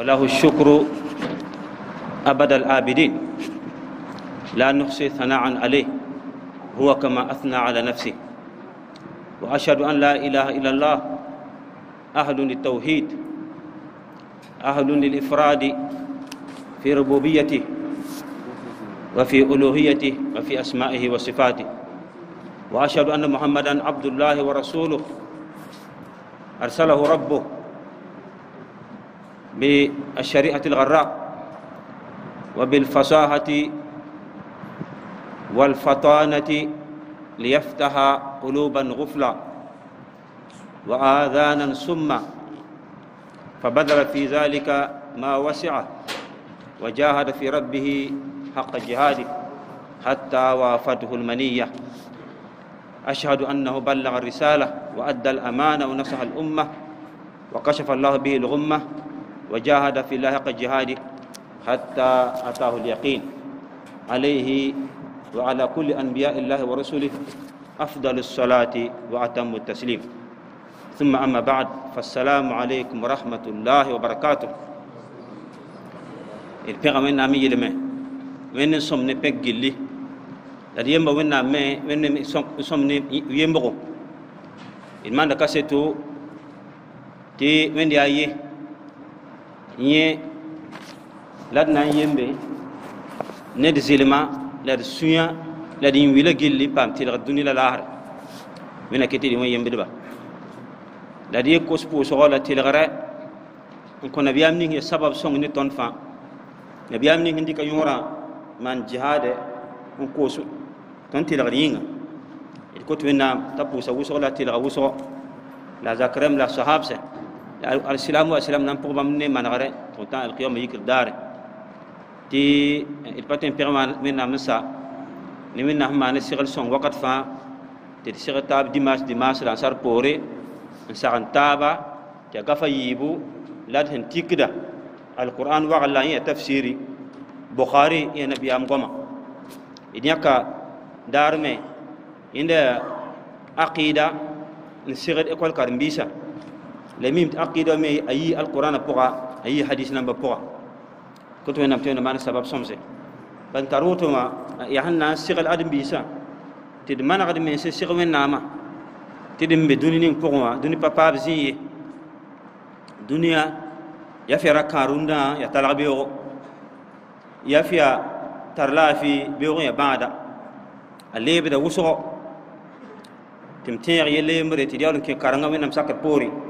وله الشكر أبد الآبدين لا نحصي ثناء عليه هو كما أثنى على نفسه وأشهد أن لا إله إلا الله أهل للتوحيد أهل للإفراد في ربوبيته وفي ألوهيته وفي أسمائه وصفاته وأشهد أن محمدا عبد الله ورسوله أرسله ربه بالشريعة الغراء وبالفصاحة والفطانة ليفتح قلوبا غفلا وآذانا سما فبذل في ذلك ما وسعه وجاهد في ربه حق جهاده حتى وافته المنية أشهد أنه بلغ الرسالة وأدى الأمانة ونصح الأمة وكشف الله به الغمة وجاهد في الله حق جهاده حتى أتاه اليقين عليه وعلى كل أنبياء الله ورسله أفضل الصلاة وأتم التسليم ثم أما بعد فالسلام عليكم ورحمة الله وبركاته البيغا من أمي يلمي من سمني بيغلي لأن يمبا من أمي من سمني يمبغو إن ما نكاسيتو تي من يأيه yẽ la d na n yembe ned zelma la d sũyã la d yĩn wila gilli paam tɩlg dũni la laasre wẽna ket tɩ d wẽ yembdba la d yek kos pʋʋsgɔ la tɩlgrɛ n kõ nabiyaam ning ya sabab sõng ne tõnd fãa nabiyaam ning sẽn dɩka yõorã maan jihaadɛ n koos tõnd tɩlgd yĩnga d kot wẽnnaam t'a pʋʋsa wʋsg la tɩlga wʋsgɔ la zakrɛm la sahabsẽ الاسلام والسلام نام بوغ بامني مانغاري pourtant القيوم يكر دار تي الباتين بيرمان من نام نامسا نمن نام مان سيغل سون وقت فا تي سيغ تاب ديماس ديماس لا سار بوري ان سان تابا تي غفا ييبو لا تن تيكدا القران وعلى هي تفسيري بخاري يا نبي ام غما اديكا دارمي عند عقيده نسيغ اكل كارمبيسا la mim aqida me ayi alquran poga ayi hadis namba poga ko to nam tena man sabab somse ban karoto ma ya hanna sigal adam bisa tid man agad me se sigwen nama tid mbe dunini poga duni papa bzi dunia ya fera karunda ya talagbe yo ya fiya tarlafi be yo ya bada alebe da wuso tim tiyar yele mure tidiyalun ke karanga wenam sakar pori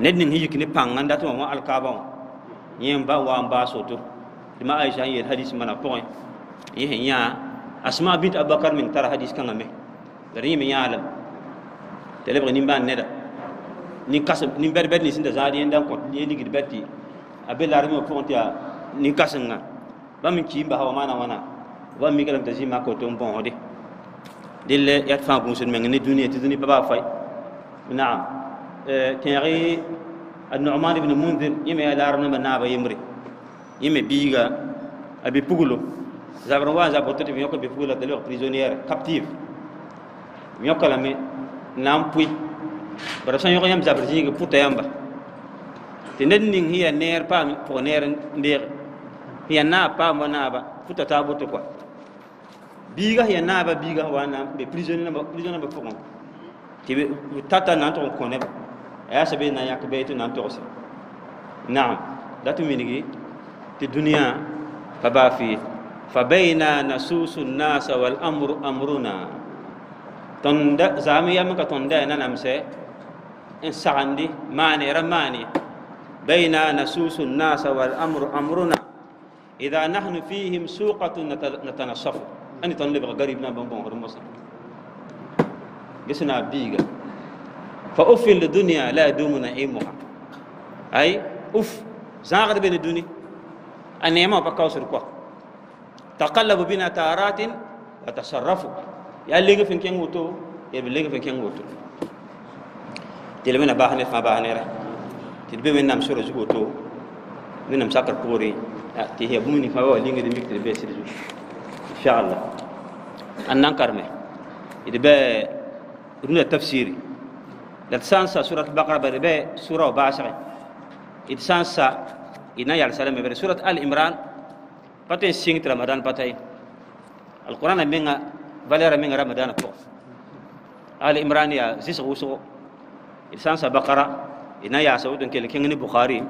ned ning hijik ni pangan dat wa alkaba wa yen ba wa ba soto dima aisha yi hadis mana point yen ya asma bint abakar min tar hadis kan ame dari min ya alam telebra ni ban neda ni kasam ni berber ni sinda zadi en dan ko ni ligi betti abe larmi point ya ni kasanga ba min ki ba hawa mana wana ba mi galam taji ma ko to bon hode dille yat fa bu sun men ni duniya ti duni baba fay na'am tẽeg eh, nu'man ibn mundir yẽ me a laarem namba naaba yembre yẽ me biiga a be puglo zabr wa n zab woto tɩ b yõk n be pugla t'a lebg prisonnière captive yõka lame n na n pʋɩ bara sã yõk yãmb zabr zĩigẽ pʋta yãmba tɩ ned ning sẽn yaa neer paam pʋg neer n deege sẽn yaa naab paam wa naaba pʋta taa boto koa biiga sẽn yaa naaba biiga wa n na n be prison namba pʋgẽ tɩ tata na n tʋg n kõ neba ayasabe na yak beitu na togse نعم لا تمينجي في الدنيا فبا فيه فبينا نسوس الناس والأمر أمرنا تند زامي يمك تند أنا نمسى إن سعندي ماني رماني بينا نسوس الناس والأمر أمرنا إذا نحن فيهم سوقة نتنصف أني تنلب غريبنا بمبون رمصنا جسنا بيجا فأف الدنيا لا يدوم نعيمها أي أوف زاغر بين الدنيا النعمة بكاوسر كوا تقلب بين تارات وتصرف يا ليغ فين كين وتو يا ليغ فين كين وتو تلمنا باهنة فما باهنة رح تلبي من نام سورة زوتو من نام سكر كوري تهي بومني فما بقى ليغ دميك تلبي سيرجو إن شاء الله انان نكرمه يدبي رونا تفسيري la sansa surat al-baqara bare be sura basri it sansa ina yal salame bare surat al-imran paten sing ramadan patay al-quran menga valera menga ramadan po al-imran ya zis gusu it sansa baqara ina ya saudun kel kengni bukhari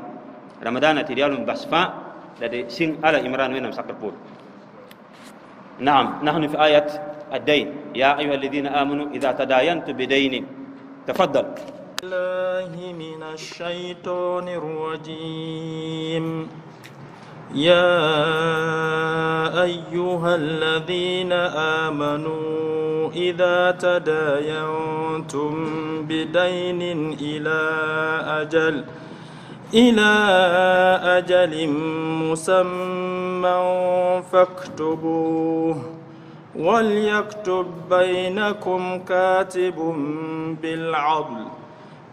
ramadan atiyalun basfa لدي سين على إمران وين مسكر بول نعم نحن في آية الدين يا أيها الذين آمنوا إذا تداينتم بدين تفضل الله من الشيطان الرجيم يا أيها الذين آمنوا إذا تداينتم بدين إلى أجل إلى أجل مسمى فاكتبوه وليكتب بينكم كاتب بالعدل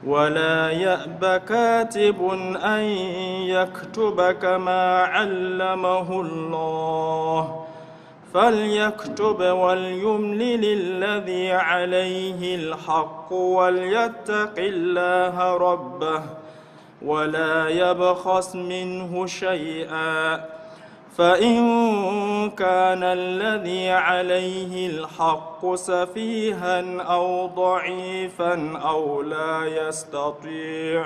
ولا يأب كاتب أن يكتب كما علمه الله فليكتب وليملل الذي عليه الحق وليتق الله ربه ولا يبخس منه شيئا فإن كان الذي عليه الحق سفيها أو ضعيفا أو لا يستطيع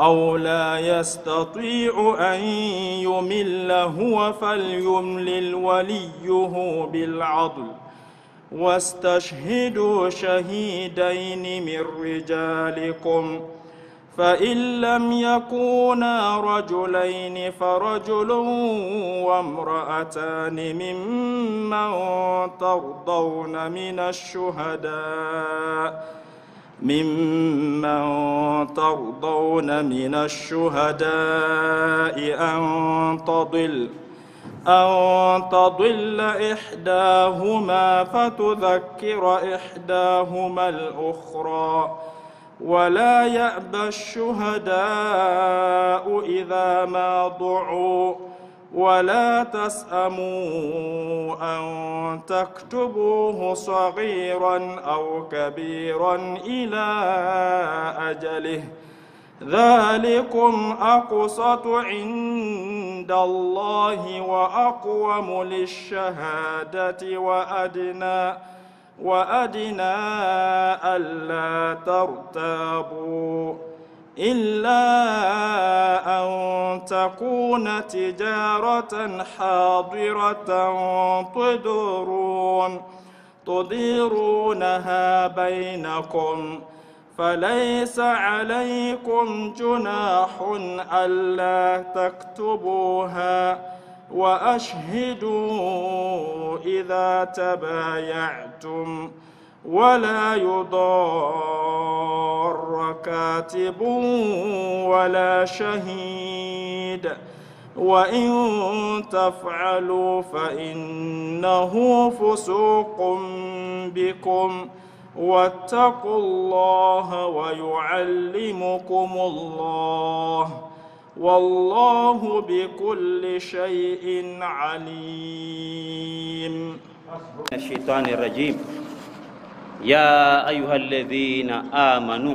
أو لا يستطيع أن يمل هو فليملل وليه بالعدل واستشهدوا شهيدين من رجالكم ۖ فإن لم يكونا رجلين فرجل وامرأتان ممن ترضون من الشهداء ممن ترضون من الشهداء أن تضل أن تضل إحداهما فتذكر إحداهما الأخرى ولا يأبى الشهداء إذا ما ضعوا ولا تسأموا أن تكتبوه صغيرا أو كبيرا إلى أجله ذلكم أقسط عند الله وأقوم للشهادة وأدنى وأدنى ألا ترتابوا إلا أن تكون تجارة حاضرة تدورون تديرونها بينكم فليس عليكم جناح ألا تكتبوها وأشهدوا إذا تبايعتم ولا يضار كاتب ولا شهيد وإن تفعلوا فإنه فسوق بكم واتقوا الله ويعلمكم الله والله بكل شيء عليم الشيطان الرجيم يا أيها الذين آمنوا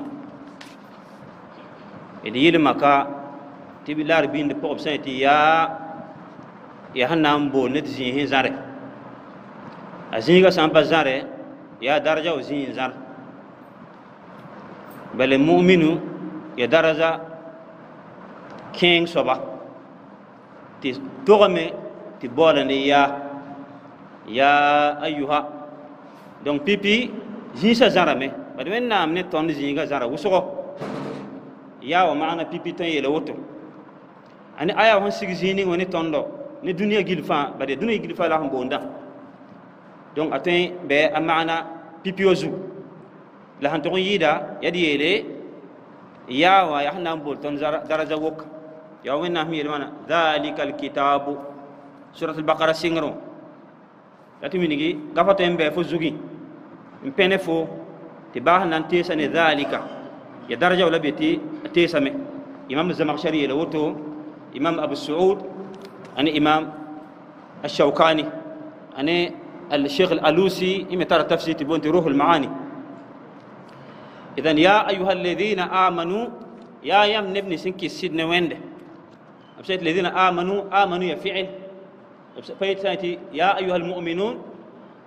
إذ يلمكا تبي لار بين بوب سنتي يا يا هنام بو نتزيهن زاري أزيغا سامبا زاري يا درجة وزين زار بل المؤمن يا درجة kẽeng soaba tɩ togame tɩ baoolande ya ya ayuha donc pipi jisa zãrame bad men nam ne tõnd zĩiga zãra wʋsgo ya wa maana pipi ton yele woto ani aya hon sig zĩig ning wa ne tõndo ni dũniyã gilfa bad ya dũniyã gil la sẽn boondã donc atay be amana pipi ozu la sẽn tog n yɩɩda yaa d wa yaa sẽn na n bool daraja woka يوم وين نحمي المنا ذلك الكتاب سورة البقرة سينغرو لاتي منيجي غفتو امبي فو زوغي امبيني فو تباه نان تيسن ذلك يا درجة ولا بيتي تيسمي إمام الزمخشري لوتو إمام أبو السعود أنا إمام الشوكاني أنا الشيخ الألوسي إما ترى تفسير تبون تروح المعاني إذن يا أيها الذين آمنوا يا يم نبني سنكي سيدنا وينده أبسيت الذين آمنوا آمنوا يفعل فايت سانتي يا أيها المؤمنون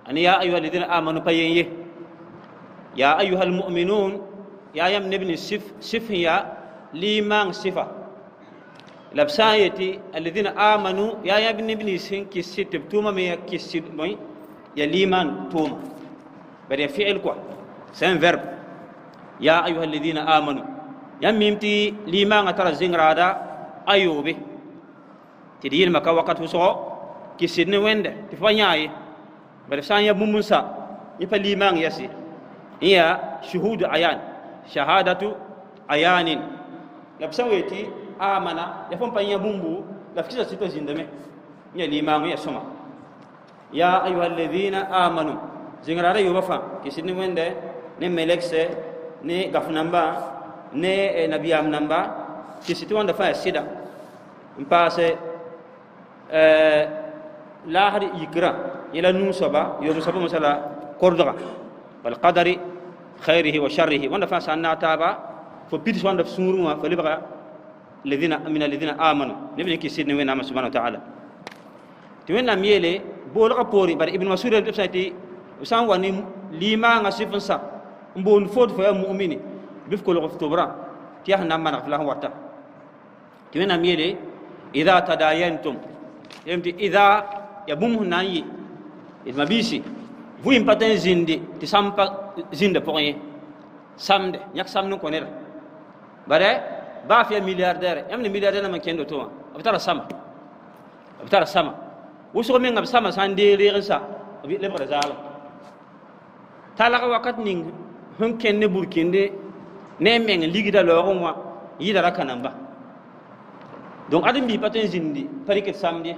أن يا أيها الذين آمنوا بينيه يا أيها المؤمنون يا يم نبني سف سف يا ليمان صفة لبسايتي الذين آمنوا يا يم نبني سن كسيت بتوما مي كسيت مي يا ليمان توما بدي فعل كوا سين فيرب يا أيها الذين آمنوا يم ميمتي ليمان ترى زين رادا ayobe tɩd yɩlma ka wakat wʋsgɔ kɩ sɩd ne wẽnde tɩ fa yãa ye bara sã n ya bũmb-sã yẽ pa limaang yase n yaa shuhudu ayan shahadatu ayanin ya b sã n wee tɩ amana ya fõn pa yã bũmbu la f kɩsa sɩd pa zĩndame n ya limaang ya sõma ya ayuha alladina amanu zĩngra ra yoba fãa kɩ sɩd ne wẽnde ne melekse ne gaf namba ne eh, nabiyaam namba kɩ sɩd tɩ wãnda fãa ya sɩda n paase laasd yikirã yela nuu-soaba yoom-soaba masala wal qadari khairihi wa sharrihi wãnda fãa sã n taaba fo pidis wãnda f sũurẽ wã fo ladina min ladina amanu neb ki sidni sɩd ne wẽnnaamã subhana wa taala tɩ wẽnnaam yeele boolga rapori bar ibn masud al sã tɩ b sã n wa ne limaangã sɩf n sak n boond food fo mu'mini mumine bɩ f kolg f tʋbrã tɩ yaa sẽn na n maneg f la sẽn wata tɩ wẽnnaam idha tadayantum yemti idha ya bũmb sẽn mabisi vu yɩ d ti sampa zinde pour zĩndi tɩ pa zĩnda samde yãk samnu koner bare ba fi milliardaire yãmb milliardaire na makendo to abtara tara sama b sama wʋsg menga b sama sande n dee bi le lebgda zaalã talg wakat ning sẽn kẽnd ne ne n meng ligda wã yɩɩda donc adam bi patin zindi pariket samedi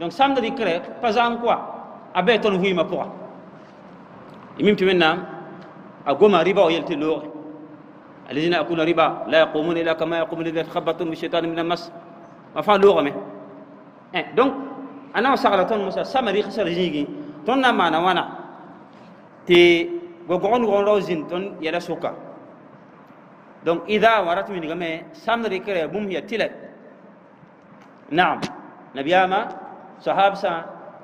donc samedi kre pas en quoi abe ah ton hui ma pour imim timenna agoma riba o yelte lo الذين يأكلون ربا لا يقومون إلا كما يقوم الذي يتخبطون بالشيطان من المس ما فعل لغة مه إيه دونك أنا وسألتون موسى سمري خسر جيجي تون نما أنا وانا تي غوغون غون روزين تون يلا سوكا دونك إذا ورات من جمع سمري كره بوم هي تلك نعم اما صحاب سا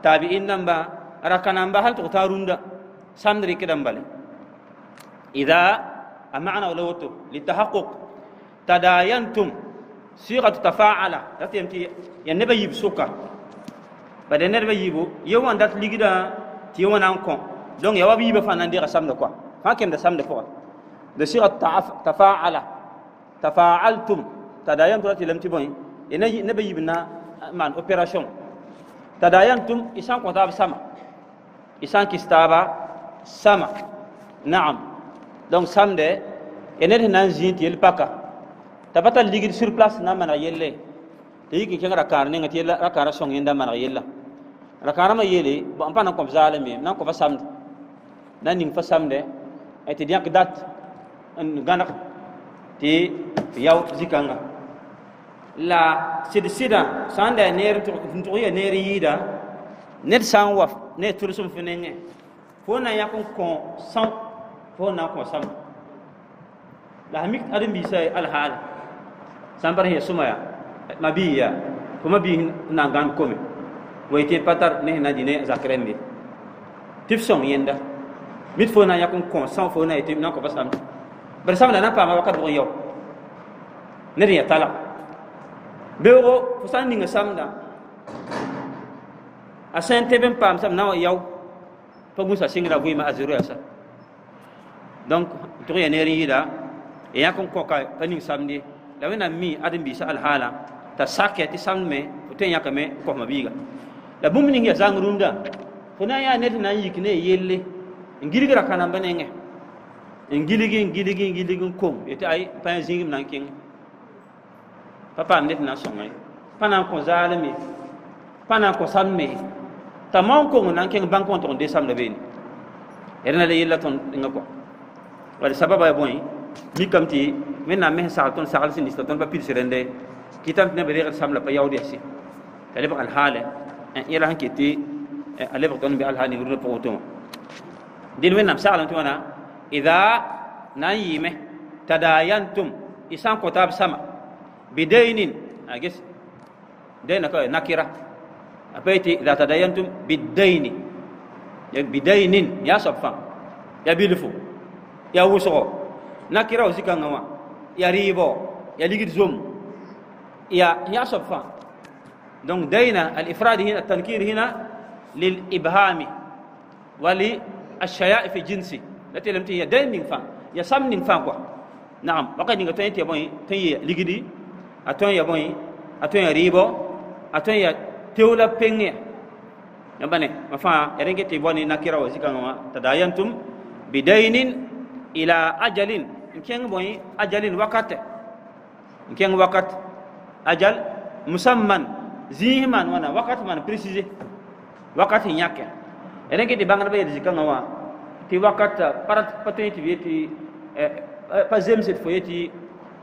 تابعين نمبا ركن نمبا هل تختارون ده سندري كده مبالي إذا امعنا ولوتو للتحقق تداينتم صيغة تفاعل تتمتي ينبي يبسوكا بعدين نبي يبو يوان دات ليغدا تيوان انكون دونك يوا بيبا فاندي رسام ده كوا فاكم ده سام ده ده صيغة تفاعل تفاعلتم تداينتم لم تبوين ina bayi na ah, man operation yaa tadayan tum isan ko tab sama isan kistaba sama na'am donc samde naan nan ti yel paka tabata ligir sur place na man yelle te yiki kenga rakar ne ti yella rakara song inda man yella rakara ma yele bo ampa nan ko zalame nan ko fa samde nan ning fa samde et ti diak dat en ganak ti yaw zikanga la sɩd sɩdã sã n da neer n tʋg ya neer yiida ned sã n wa ne tʋlsem fo nengẽ fo na n n kõ sãm fo na n kõ sãm la sã mik ãdem-biisã alhaala sã n bar sẽn ya sʋma yaa mabiis yaa fo n na n kome wa y tɩ pa tar ne sẽn na n dɩ ne zak rẽnde tɩ b sõng yẽnda mit fo na n yak n kõ sãm fo na yetɩ na n kõ pa sãm bare sãm na n paama wakat bʋg n yao ned n ya talg beoogo fo sã nga ninga samda a sã n teb n paam sam na wa yao pa musa sɩngra vɩɩma a zurɛɛsa donc tɩg ya neer n yɩɩda y yãk n kɔka pa ning samd ye la wẽnnaam mi ad n biisa alhaala t'a sak ya tɩ samd me fo tõe n yãkame kɔsma biiga la bũmb ning ya zãng rũndã fo na n yaa ned na yi yik ne yelle n gilgra ka namba nengẽ n gilgi n gilgi n gilgi n kom yetɩ ay pa yã zĩigm na n kẽngẽ pa paam ned na n sõŋe pa na n kõ zaalme pa na kõ sãdme t'a maon kong na n kẽng bãng kõn tɩg n de samda beene d na la yella tõnd ẽngã kɔ bari sababa ya bõe mikame men na me sa ton sa sagl sẽn ton la tõnd pa pirs rẽnde kɩtame tɩ neb regd samla pa yaood yase t'a lebg alhaala yɛla sẽn ket tɩ a lebg tõnd be alhaa ningrã pʋgẽ woto wã dẽn wẽnnaam saglem tɩ wãna ida na n yɩɩme tadayantum y sã n kõ sama بدين أجس آه، دين كوي نكرة أبيتي إذا تدينتم بالدين يا بدين يا صفا يا بيلفو يا وسو نكرة وزكا نوا يا ريبو يا ليجد زوم يا يا صفا دونك دين الإفراد هنا التنكير هنا للإبهام في جنسي التي لم تهي دين فان يا سمن فان نعم وقد نغتني تي بوين تي ليجدي aton ya boy aton ya ribo aton ya teula penge nabane mafa erenge te boni nakira wa zikanga ma tadayantum bidainin ila ajalin nkeng boy ajalin wakate nkeng wakat ajal musamman zihman wana wakat mana précisé wakati nyake ya. erenge te bangana be zikanga wa wakat wakata parat patenti vieti eh, eh pa zemset foyeti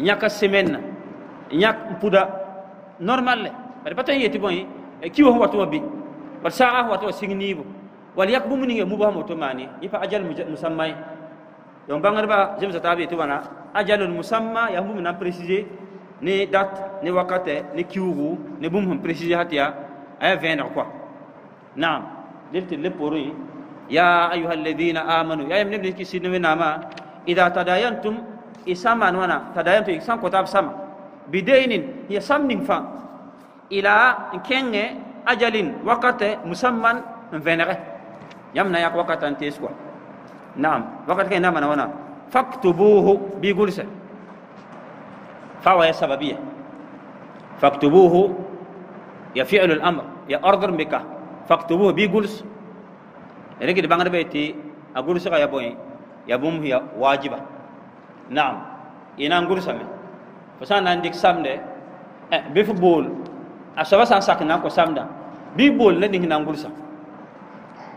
ñaka semaine ñak puda normal le bari bato yeti bon e eh, kiwo wato bi wat sa'a wato signibo wal yakbu muninge mubahamu to mani ifa ajal musammai yon bangar ba jem sa tabi to bana ajalul musamma ya mu nan préciser ni dat, ni wakate ni kiwu ni bum hum préciser hatia ay 20 quoi naam dilti le pori ya ayyuhalladhina amanu ya yamne ki sinu nama idha tadayantum إسما تدايم تدايمت إسان كتاب سما بدين هي سام فان إلى كن أجلين وقت مسمى فينغه يمنا يق وقت أن تسوى نعم وقت كنا ما نوانا فكتبوه بيقول سه فهو يا سببية فاكتبوه يا فعل الأمر يا أرضر بك فكتبوه بيقول سه يعني كده بعند بيتي أقول سه يا بوي يا بوم هي واجبة naam ina ngursame fo sã n na n dɩk a sa sã sak na n kõ samdã bɩ y bool la ning na n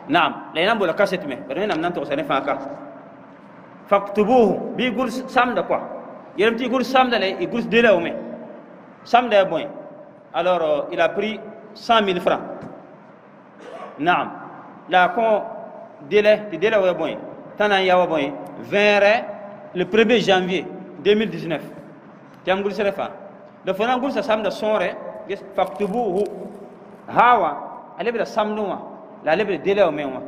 naam la na n boola kaset me bara wẽnnaam na n togsa ne fãa ka faktubuhu bɩ y gurs samda koa yelm tɩ y gurs samda la y gurs dela wome samda ya e alors euh, il a pris 100000 mille francs naam la ko kõ dele tɩ dela wa bõe tã ya le 1er janvier 2019 jangul serefa da fona gul sa samda sore ges faktubuhu hawa alebra samnuwa la alebra dela menwa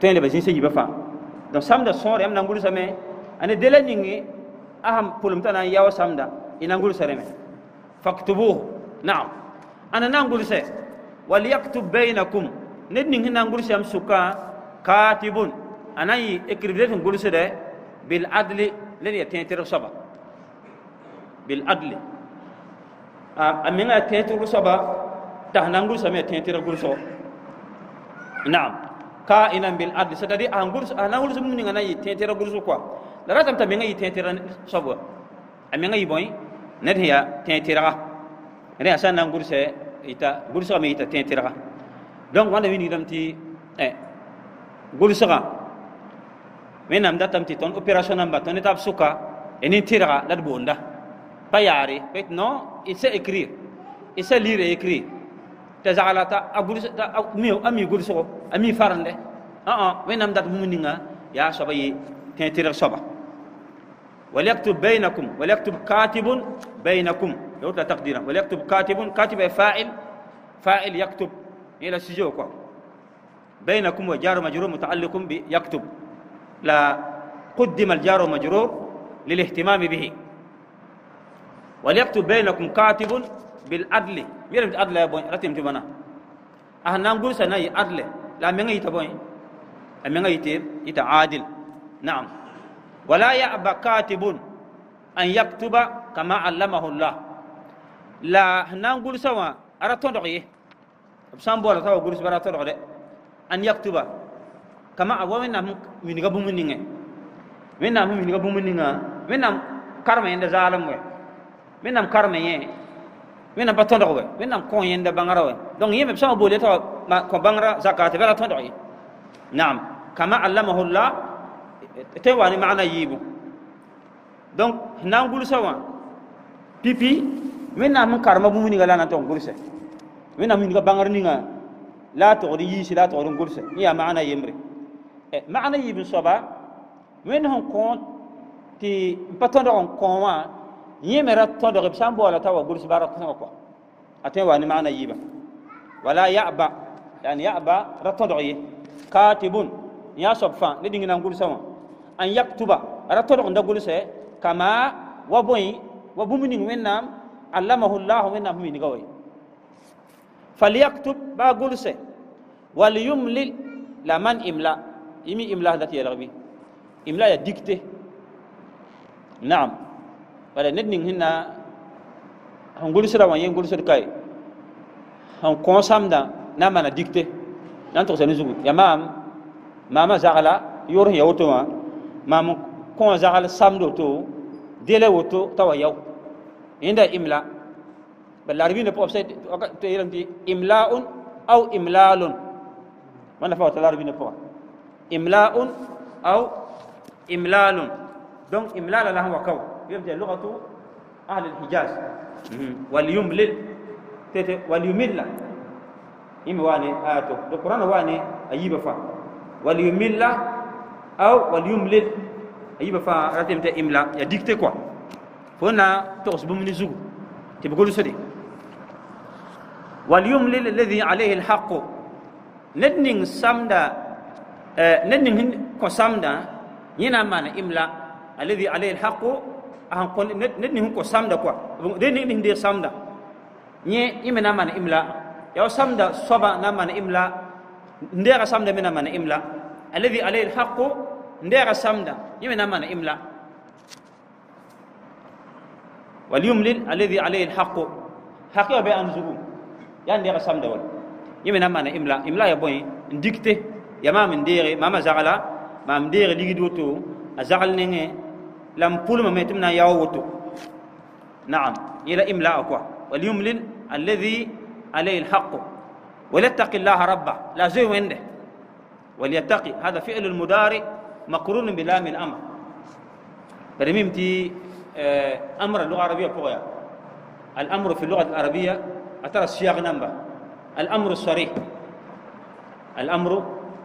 ten le bajin sey bafa da samda sore amna nangul sa me ane dela ningi aham pulum tana yawa samda inangul sareme faktubuhu na'am ana nangul se wal yaktub bainakum ned ningi nangul se am suka katibun anayi ekribetin gul se de بالعدل لن يتنتر صبا بالعدل آه، أمين يتنتر صبا تهنانغو سمي يتنتر غرسو نعم كائنا بالعدل سدري أنغرس أنغرس من أنا يتنتر غرسو كوا لا راتم تمين يتنتر صبا أمين يبوي نريا تنتر نريا سنانغرس إتا غرسو مي إتا تنتر donc wanda wini dam ti eh gursaga wẽnnaam datame tɩ tõnd opération namba tõnd tɩ b sʋka y nin tɩrga la d boonda pa yaare pa tɩ non y sã écrire y sã lire et écrire tɩ zagla la ta a mi gʋdsgo a mi farendɛ ãã wẽnnaam dat bũmb ninga yaa soaba ye tẽ tɩrg soaba وليكتب بينكم وليكتب كاتب بينكم لو تقديرا وليكتب كاتب كاتب فاعل فاعل يكتب الى سجوكم بينكم وجار مجرور متعلق بيكتب لا قدم الجار مجرور للاهتمام به وليكتب بينكم كاتب بالعدل مين العدل يا بوين رتم تبنا أهنا نقول سنة عدل لا مين يتا من يتبوين يتا يتا عادل نعم ولا يأبى كاتب أن يكتب كما علمه الله لا نقول سوا أرى تدعي إيه؟ بسام بولا تاو قول سبرا تدعي إيه؟ أن يكتب kama awa wẽnnaam wĩnga bũmb ningẽ wẽnnaam sẽn wĩnga bũmb ninga wẽnnaam karem yẽnda zaalem wɛ wẽnnaam karem yẽ wẽnnaam pa tõdg wɛ wẽnnaam kõ yẽnda bãngra wɛ donc yẽ me b sã n boole tɩ kõ bãngra zakat bala tõdg ye naam kama allamahu llah tɩ wa ne maana yiibu donc sẽn na n gulsa wã pipi wẽnnaam sẽn karema bũmb ninga la na n tog n gulsɛ wẽnnaam wĩnga bãngr ninga la a togd yiisi la a togd n gulsɛ yẽ yaa maana yembre magna yibin soba wen hon kon ti patondo on kon wa yemera tondo ke sambo ala tawa gurus barat ko ko aten wa ni magna yiba wala ya'ba yani ya'ba ratondo ye katibun ya sobfa ne dingina gurus sama an yaktuba ratondo on da gurus e kama wa boy wa bumuni wennam allamahu allah wennam mi ni gawai falyaktub ba gurus e wal yumlil laman imla' إمي إملاء ذات يلغبي إملاء يدكت نعم ولا ندنين هنا هم قولوا سرا وين قولوا سرا كاي هم هنكون دا نعم أنا دكت نانتو نعم سنزوج يا مام ماما زعلا يوره يوتوما مام كون زعل سامدو تو ديلا وتو توا يو عند إملاء بل بالعربي نبقى بسيط تقول إملاء أو إملال ما نفعت العربي نبقى إملاء أو إملال دون إملال له وكو يبدأ لغة أهل الحجاز وليملل وليمل إما واني آياته القرآن واني أجيب فا وليمل أو وليملل أجيب فا راتم إملا يديكتي كوا فهنا تغصب من زوج تبقول سدي وليملل الذي عليه الحق ندنين سامدا nan ning ko samda yina man imla alladhi alayhi alhaq an ko nan ning ko samda kwa de ni ning de samda nye imena man imla ya samda soba na man imla ndera samda mena man imla alladhi alayhi alhaq ndera samda yimena man imla وليملل الذي عليه الحق حقيقة بأن زقوم يعني ده samda دول يمنا ما إملا إملا يا بوي ديكتي yama min n mama zagla maam deege ligd woto a zagl nengẽ lam m pʋlmame tɩ na n yao woto naam yela imla'a koa walyumlil alladi alayhi lhaqu وليتق الله ربه لا زي وينده وليتقي هذا فعل المضارع مقرون بلام الامر برميم تي امر اللغه العربيه بقويا الامر في اللغه العربيه اترى السياق نمبر الامر الصريح الامر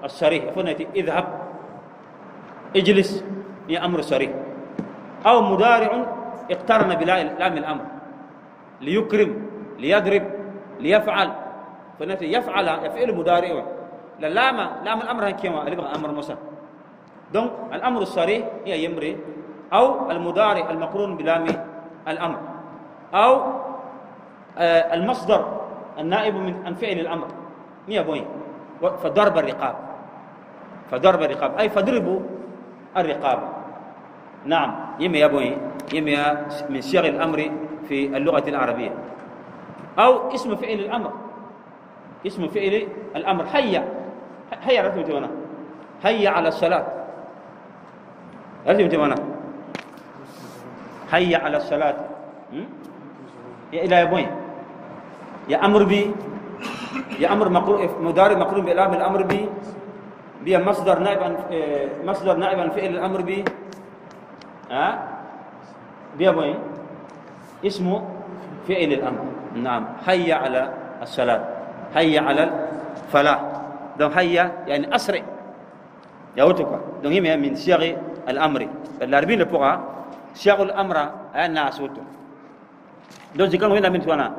الصريح فنتي اذهب اجلس هي امر صريح او مضارع اقترن بلام الامر ليكرم ليضرب ليفعل فنتي يفعل يفعل مضارع لا لام لام الامر كما امر موسى دونك الامر الصريح هي يمري او المضارع المقرون بلام الامر او آه، المصدر النائب من فعل الامر مية بوين فضرب الرقاب فضرب الرقاب أي فضربوا الرقاب نعم يمي يا بوي يمي من صيغ الأمر في اللغة العربية أو اسم فعل الأمر اسم فعل الأمر هيا هيا رتم تمنا هيا على الصلاة رتم هنا هيا على الصلاة يا إلى يا بوي يا أمر بي يا أمر مقروء مضارب مقروء بإلام الأمر بي بيا مصدر نائب عن آه، مصدر نائب عن فعل الامر ب ها آه، بيا وين اسمه فعل الامر نعم حي على الصلاه حي على الفلاح دون حي يعني اسرع يوتك دون هي من صيغ الامر العربيين لبقى صيغ الامر انا اسوت دون ذكر هنا من توانا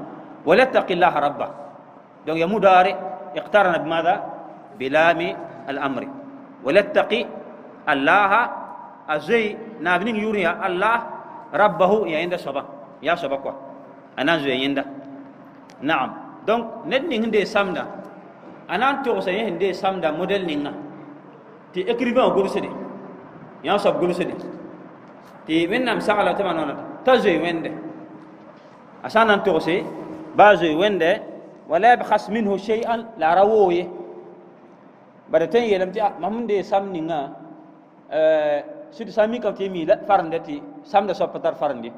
ولا الله ربه دون يمدار اقترن بماذا بلام الأمر ولتقي الله أزي نابنين يوريا الله ربه يا عند شبا يا شبا كوا أنا زي عند نعم دونك ندني هندي سامدا أنا أنتو سيني هندي سامدا موديل نينا تي إكريبان غول غولسدي يا شب غولسدي تي من نام سعلا تمانونا تزي وينده عشان أنتو سي بازي وينده ولا يبخس منه شيئا لا رووي bara tan yelam ti ma mun de nga euh sidi sami ka ti mi la farande ti da so patar farande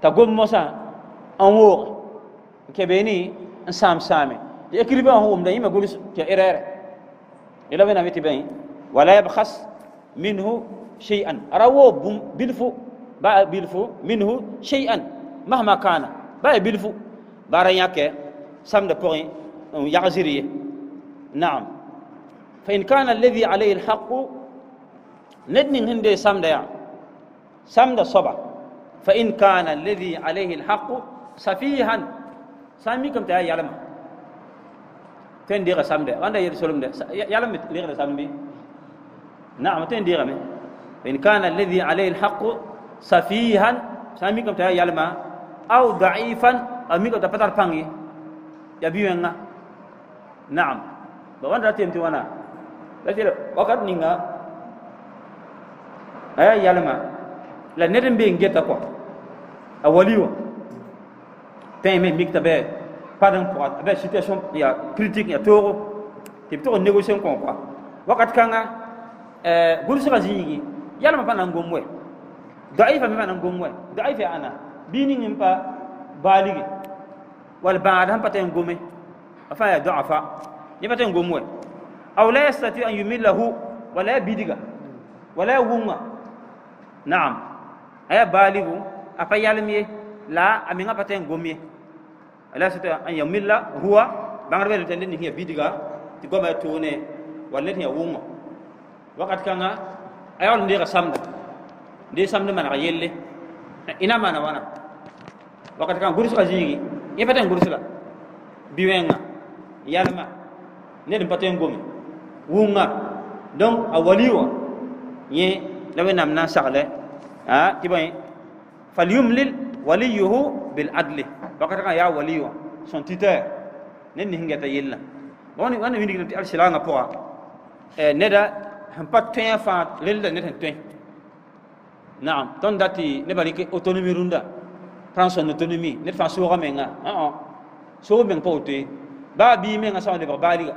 ta gom mosa an wo ke be ni an sam same de ekriba ho um da yima gulis ke erer ila bena miti bayin wala yabkhas minhu shay'an arawo bilfu ba bilfu minhu shay'an mahma kana ba bilfu bara yake samda porin yaxiriye naam فإن كان الذي عليه الحق ندن هندي سمد يا سمد صبا فإن كان الذي عليه الحق سفيها ساميكم كم تاي يعلم تين ديغا سمد وانا يرسلم ده يعلم ديغا سمد نعم تين ديغا مي فإن كان الذي عليه الحق سفيها ساميكم كم تاي يعلم أو ضعيفا أمي كم تفتر فانجي يبيوين نعم بوانا تيمتي وانا lasira wakat ninga aya eh, yalma la ned n been geta kɔ a wali wã tẽ me mik t'a bɩ pad n situation ya critique ya toogo tɩ b négocier n quoi wakat kãnga euh zĩigi yalma pa na n gom wɛ doaifa me pa ngomwe n e ana bini ning n pa baaligi wall bãada sẽn pa tɩ n gome a fãa au la yastati an yumillahu wala yabidiga wala yawunga naam aya baligu apa yalmi la aminga paten gomye la yastati an yumilla huwa bangarbe do tende ni bidiga ti goma tone wala ni yawunga wakat kanga ayol ndira samda ndi samda man yelle ina mana wana wakat kanga gurus azigi ipaten gurusla biwenga yalma ne dum paten wunga donc a waliwa ye lawe we namna sagle a tibay yumlil waliyuhu bil adli bakata kan ya waliwa son tuteur ne ni hinga yilla woni wani windi ngi al silanga poa e neda han pat tin fa da ne tan tin naam ton dati ne bari ke autonomie runda prend son autonomie ne fa so ramenga ah ah so ben pote ote ba bi menga sa de ba baliga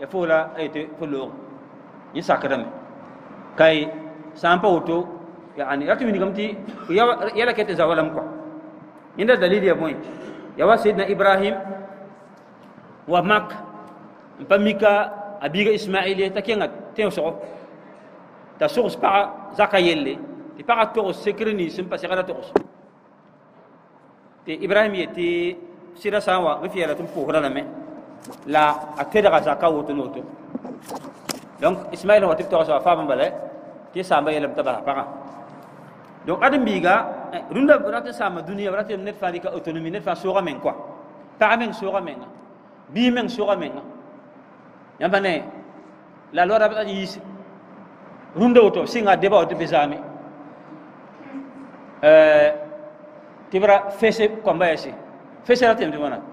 ya fola ayte folo ni sakrame kai sampa wuto yani ratu ni gamti yala kete zawalam ko inda dalili ya boy ya wa sayyidina ibrahim wa mak pamika abiga ismail ta kenga tew so ta source pa zakayelle ti para to sekrini sim pa sekara to ti ibrahim yeti sira sawa bi fiyala tum ko hora me la a tedga zaka woto noto donc ismail wa tibto sa fam balé ti samba yelam tabara paga donc adam biga runda rata sama dunia rata net fa dika autonomie net fa sura men quoi ta men sura men bi men sura men yamba ne la lora ba yis runda woto singa deba woto bezami euh tibra fesse komba yasi fesse ratem dimana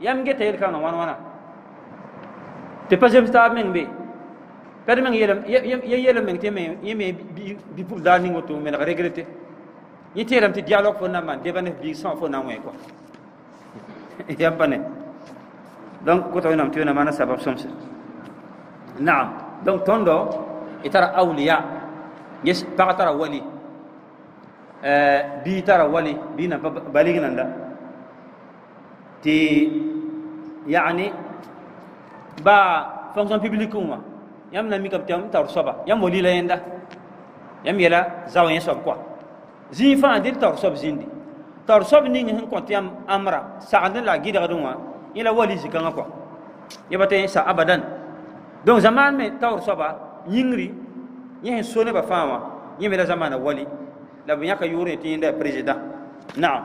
yam geta yel kanga wan wana te pa jem sta men be per men yelam ye yelam men te men ye me bi pour da ningo to men regretter ni teram ti dialogue fo na man debane bi sans fo na ngwe quoi yam pa donc ko to nam tiyo na mana sabab somse naam donc tondo itara awliya yes pa wali eh, bi tara wali bi na balignan da ti yani ba fonction publique uma yam na mi kam tam tar soba yam woli la yenda yam yela zawen sob kwa zin fa dir tar sob zindi tar sob ni ngi ko tam amra sa'an la gida gadunwa ila wali zikanga kwa yabate sa abadan donc zaman me tar soba yingri yẽ sone ba fãa wã yẽ me la zamaana wali la b yãka yʋʋr ne tɩ yẽnda a président naam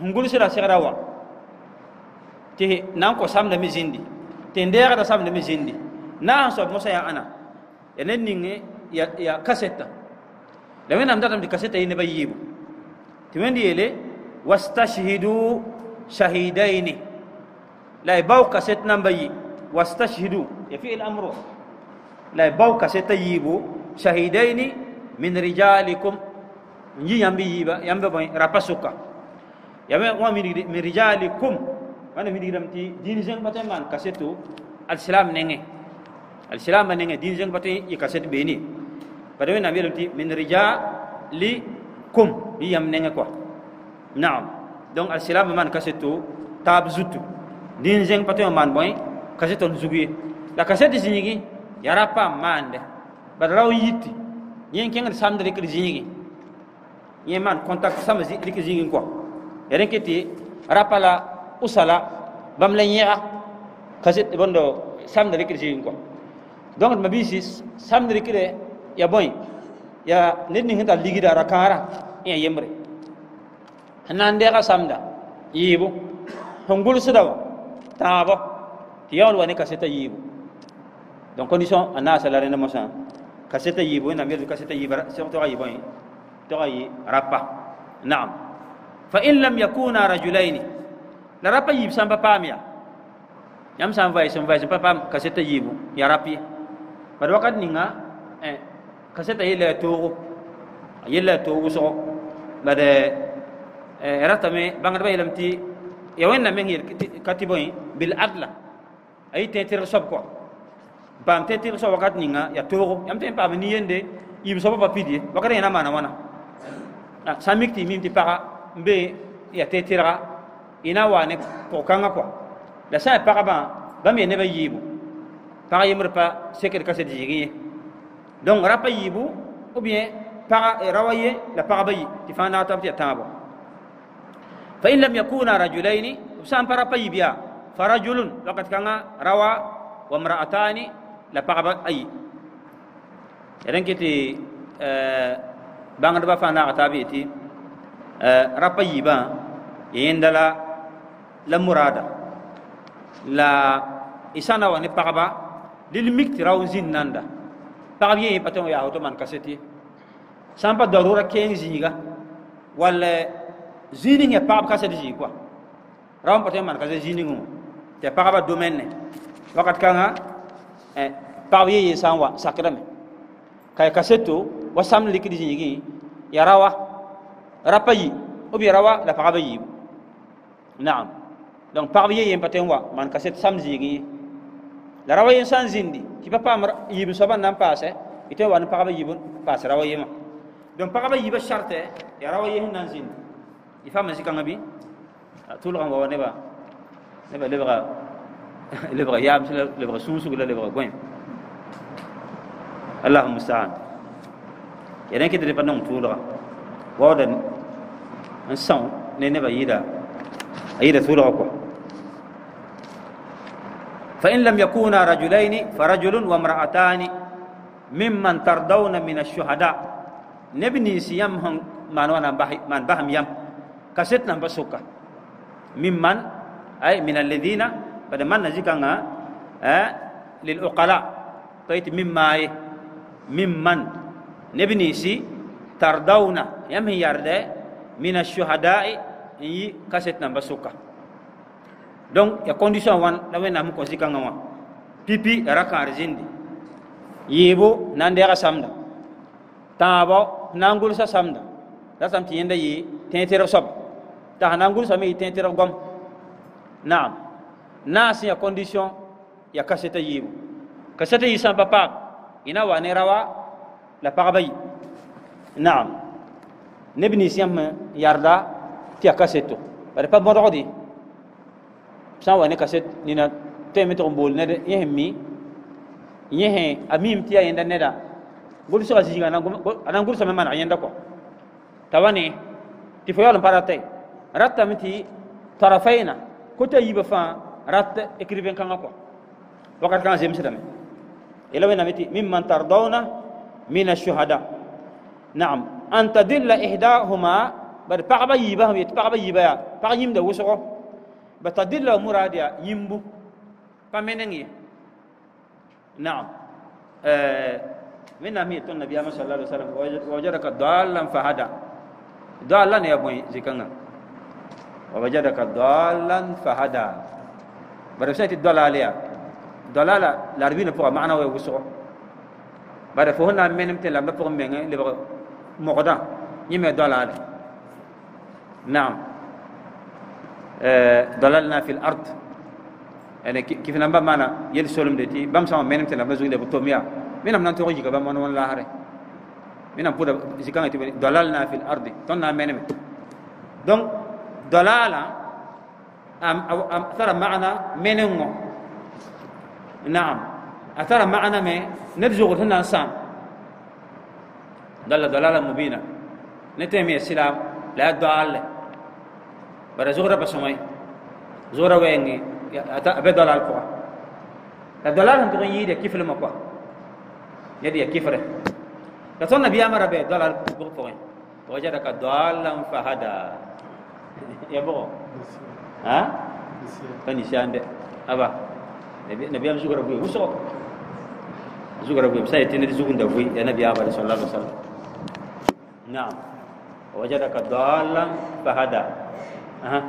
ngul sira sira wa te nan ko samna mi jindi te ndera da samna mi jindi na so mo saya ana enen ninge ya ya kaseta da men am tam di kaseta ine te men di ele wastashhidu shahidaini la ibaw kaset nan bayi wastashhidu ya fi al amru la ibaw kaseta yibu shahidaini min rijalikum nyi yambi yiba yambe bon rapasuka yawe wa min rijalikum wana midiram ti din jeng baten man kasetu al islam nenge al islam nenge din jeng baten i kaset beni pada wen nabi ti min rijalikum yam nenge ko naam donc al islam man kasetu tab zutu din jeng baten man boy kasetu zugi la kaset zinigi yarapa mande badraw yiti yen kenga samdre kri zinigi yen man contact sam zinigi ko yaren kiti rapala usala la nyira kasit bondo sam de kirji ko donc mabisi sam de kire ya boy ya nedni hinta ligida kara ya yemre hanande ka samda yibu hongul sudawa tabo tiyawol wani kaseta yibu donc condition ana salare rena mosan kaseta yibu na mir kaseta yibara sokto boy to yi rapa, na'am fa in lam yakuna rajulaini la rapa yib samba ya, yam samba vai samba samba pam kaseta yibu ya rapi bad wakat ninga eh kaseta yela togo yela togo so bade eh rata me bangar ba ti, ya wenna men yel katiboy bil adla ay tetir sob ko bam tetir so wakat ninga ya togo yam tem pam ni yende yib so pa pidi wakat na mana wana samikti mimti para mbe ya tetira ina wane pokanga kwa la sa para ba ba me ne ba yibu para yimur pa sekere kase se digi donc rapa yibu ou bien para e rawaye la ba yi ti fa na ta ya tabo fa in lam yakuna rajulain sam para pa yibya farajulun waqat kanga rawa wa imra'atani la para ba ayi yadan kiti eh bangar ba fa na ta bi ti rapayiba yenda la la murada la isana wa pagaba lil mikti zin nanda pagabi e paton ya auto man kaseti sampa darura ken ziga wala zini nge ya pagab kaseti ji kwa rawon paton man kaseti zini ngum te ya pagaba domaine wakat kanga eh pagabi e sanwa sakrame kay kaseto wasam likidi zingi yarawa rapa yi rawa la pagaba yi naam donc pagaba yi yem paten wa man kaset sam zigi la rawa yin san zindi ki papa am yi so ban passe ite wa pagaba bun passe rawa yi donc pagaba ba charte ya rawa yi nan zindi ifa man sikanga bi tul ran wa ne ba ne ba lebra lebra yam lebra susu lebra gwen اللهم المستعان يعني كده اللي بنوم تولغا وهذا انسان são ne nebã yɩɩda a yɩɩda tʋʋlgã فإن لم يكونا رجلين فرجل وامرأتان ممن ترضون من الشهداء نبني سيام هم من وانا من بهم يم كستنا بسوكا ممن أي من الذين بعد من نزيكنا أه، للعقلاء طيب مما أي ممن نبني سي ترضون يم هي يرده mina shuhada'i in yi kaset namba suka donc ya condition wan da wena mu konsi kanga wa pipi raka arzindi yebo nande ga samda tabo nangul sa samda da sam ti yenda yi tentere sob ta nangul sa mi tentere gom na'am nasi ya condition ya kaseta yebo kaseta yi sam papa ina wa ne rawa la parbayi na'am نبني سيام ياردا تي اكاسيتو بار با بون رودي سان واني كاسيت نينا تي ميتو مبول ند يهمي يه اميم تي ايندا ندا غول سو اسيجي انا غول سو ممان ايندا كو تواني تي فيول امباراتاي راتا متي طرفينا كوتا يبا فا رات اكريفين كان اكو وقت كان سيمس دامي الا وين امتي ممن ترضونا من الشهداء نعم أن تدل إحداهما بل فقبا يبهم يتفقبا يبايا فقبا يمد وسعه بتدل مراد يمبو فمن نعم نعم من أمي تون النبي صلى الله عليه وسلم وجدك دالا فهدا دالا يا بني زكنا وجدك دالا فهدا بعد سنة الدلالة دلالة لاربين فوق معنى وسعه بعد فهنا من امتلا ما فوق من لبغ مغدا يم دولار نعم دلالنا آه، في الارض انا يعني كيف نبا معنا يل سولم دتي بام سام تلا بزو دي بتوميا مينم نان توجي كبا مون ولا هاري مينم بودا زي كان دلالنا في الارض تنا مينم دونك دلالا ام ام ترى معنا مينم نعم اثر معنا ما نرجو هنا سام ضل ضلالا مبينا نتيم يسلام لا دعاء الله برا زورا بسمي زورا ويني أتا أبدا لا القوة لا دلالا تغني يدي كيف المقوى يدي كيف له لتون نبي أمر به دلال بقوين وجدك ضالا فهدى يا بو ها تنشان ده أبا نبي أمر زورا بوي وسوق زوجة ربي مسألة تندي زوجين دافوي أنا بيا بعد صلى الله عليه وسلم نعم وجدك ضالا فهدى أه.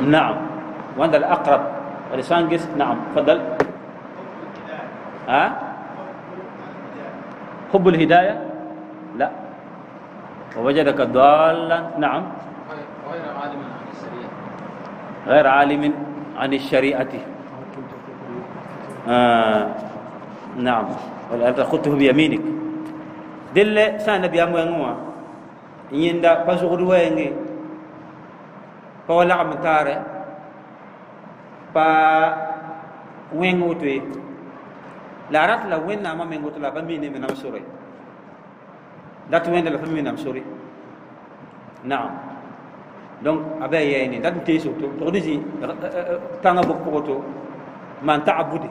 نعم وهذا الأقرب لسان جس نعم تفضل ها أه؟ حب الهداية لا ووجدك ضالا نعم غير عالم عن الشريعة غير عالم عن الشريعة آه، نعم والأرض خذته بيمينك دل سان نبي أمو ينوى يندا بزغد وينجي فولا عمتارة با وينغوتوي لا رات لا وين نعم منغوت لا بمين من أمسوري دات وين لا بمين مسوري نعم دونك ابي bɛ yɛɛ ni dat تو tee soto togdi zĩ tãngã bʋk pʋgto man tagbude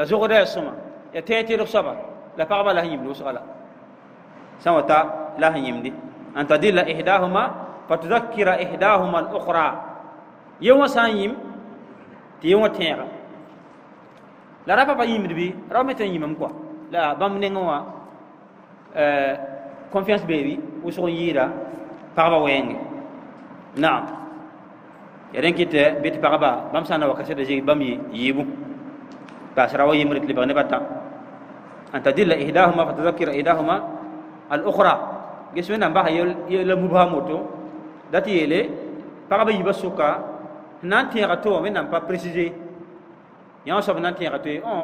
t'a zogda ya sõma ya tɛɛ tɩɩdg soaba la pagba la sẽn yĩmd wʋsga la sẽn wa ta la sẽn yĩmde an tadilla ihdahuma fatudakira ihdahuma al ukhra yẽ wã sã n yĩm tɩ yẽ wã tẽega la ra pa pa yĩmd bɩ ra me tõe n yĩmem kɔa la bãmb nengẽ wã confiance beebi wʋsg n yɩɩda pagba wɛɛngẽ naam ya dẽn kɩtɛ bɩ tɩ pagba bãmb sã n na wakasɛda zegi bãmb yɩɩbu باشراوي يمرت لبغني بتا أن تدل إهداهما فتذكر إهداهما الأخرى جسمنا بها يل مبهمتو داتي يلي بقى بسوكا نانتي غتو من نم بريسيجي بريسيزي يان سب نانتي غتو اون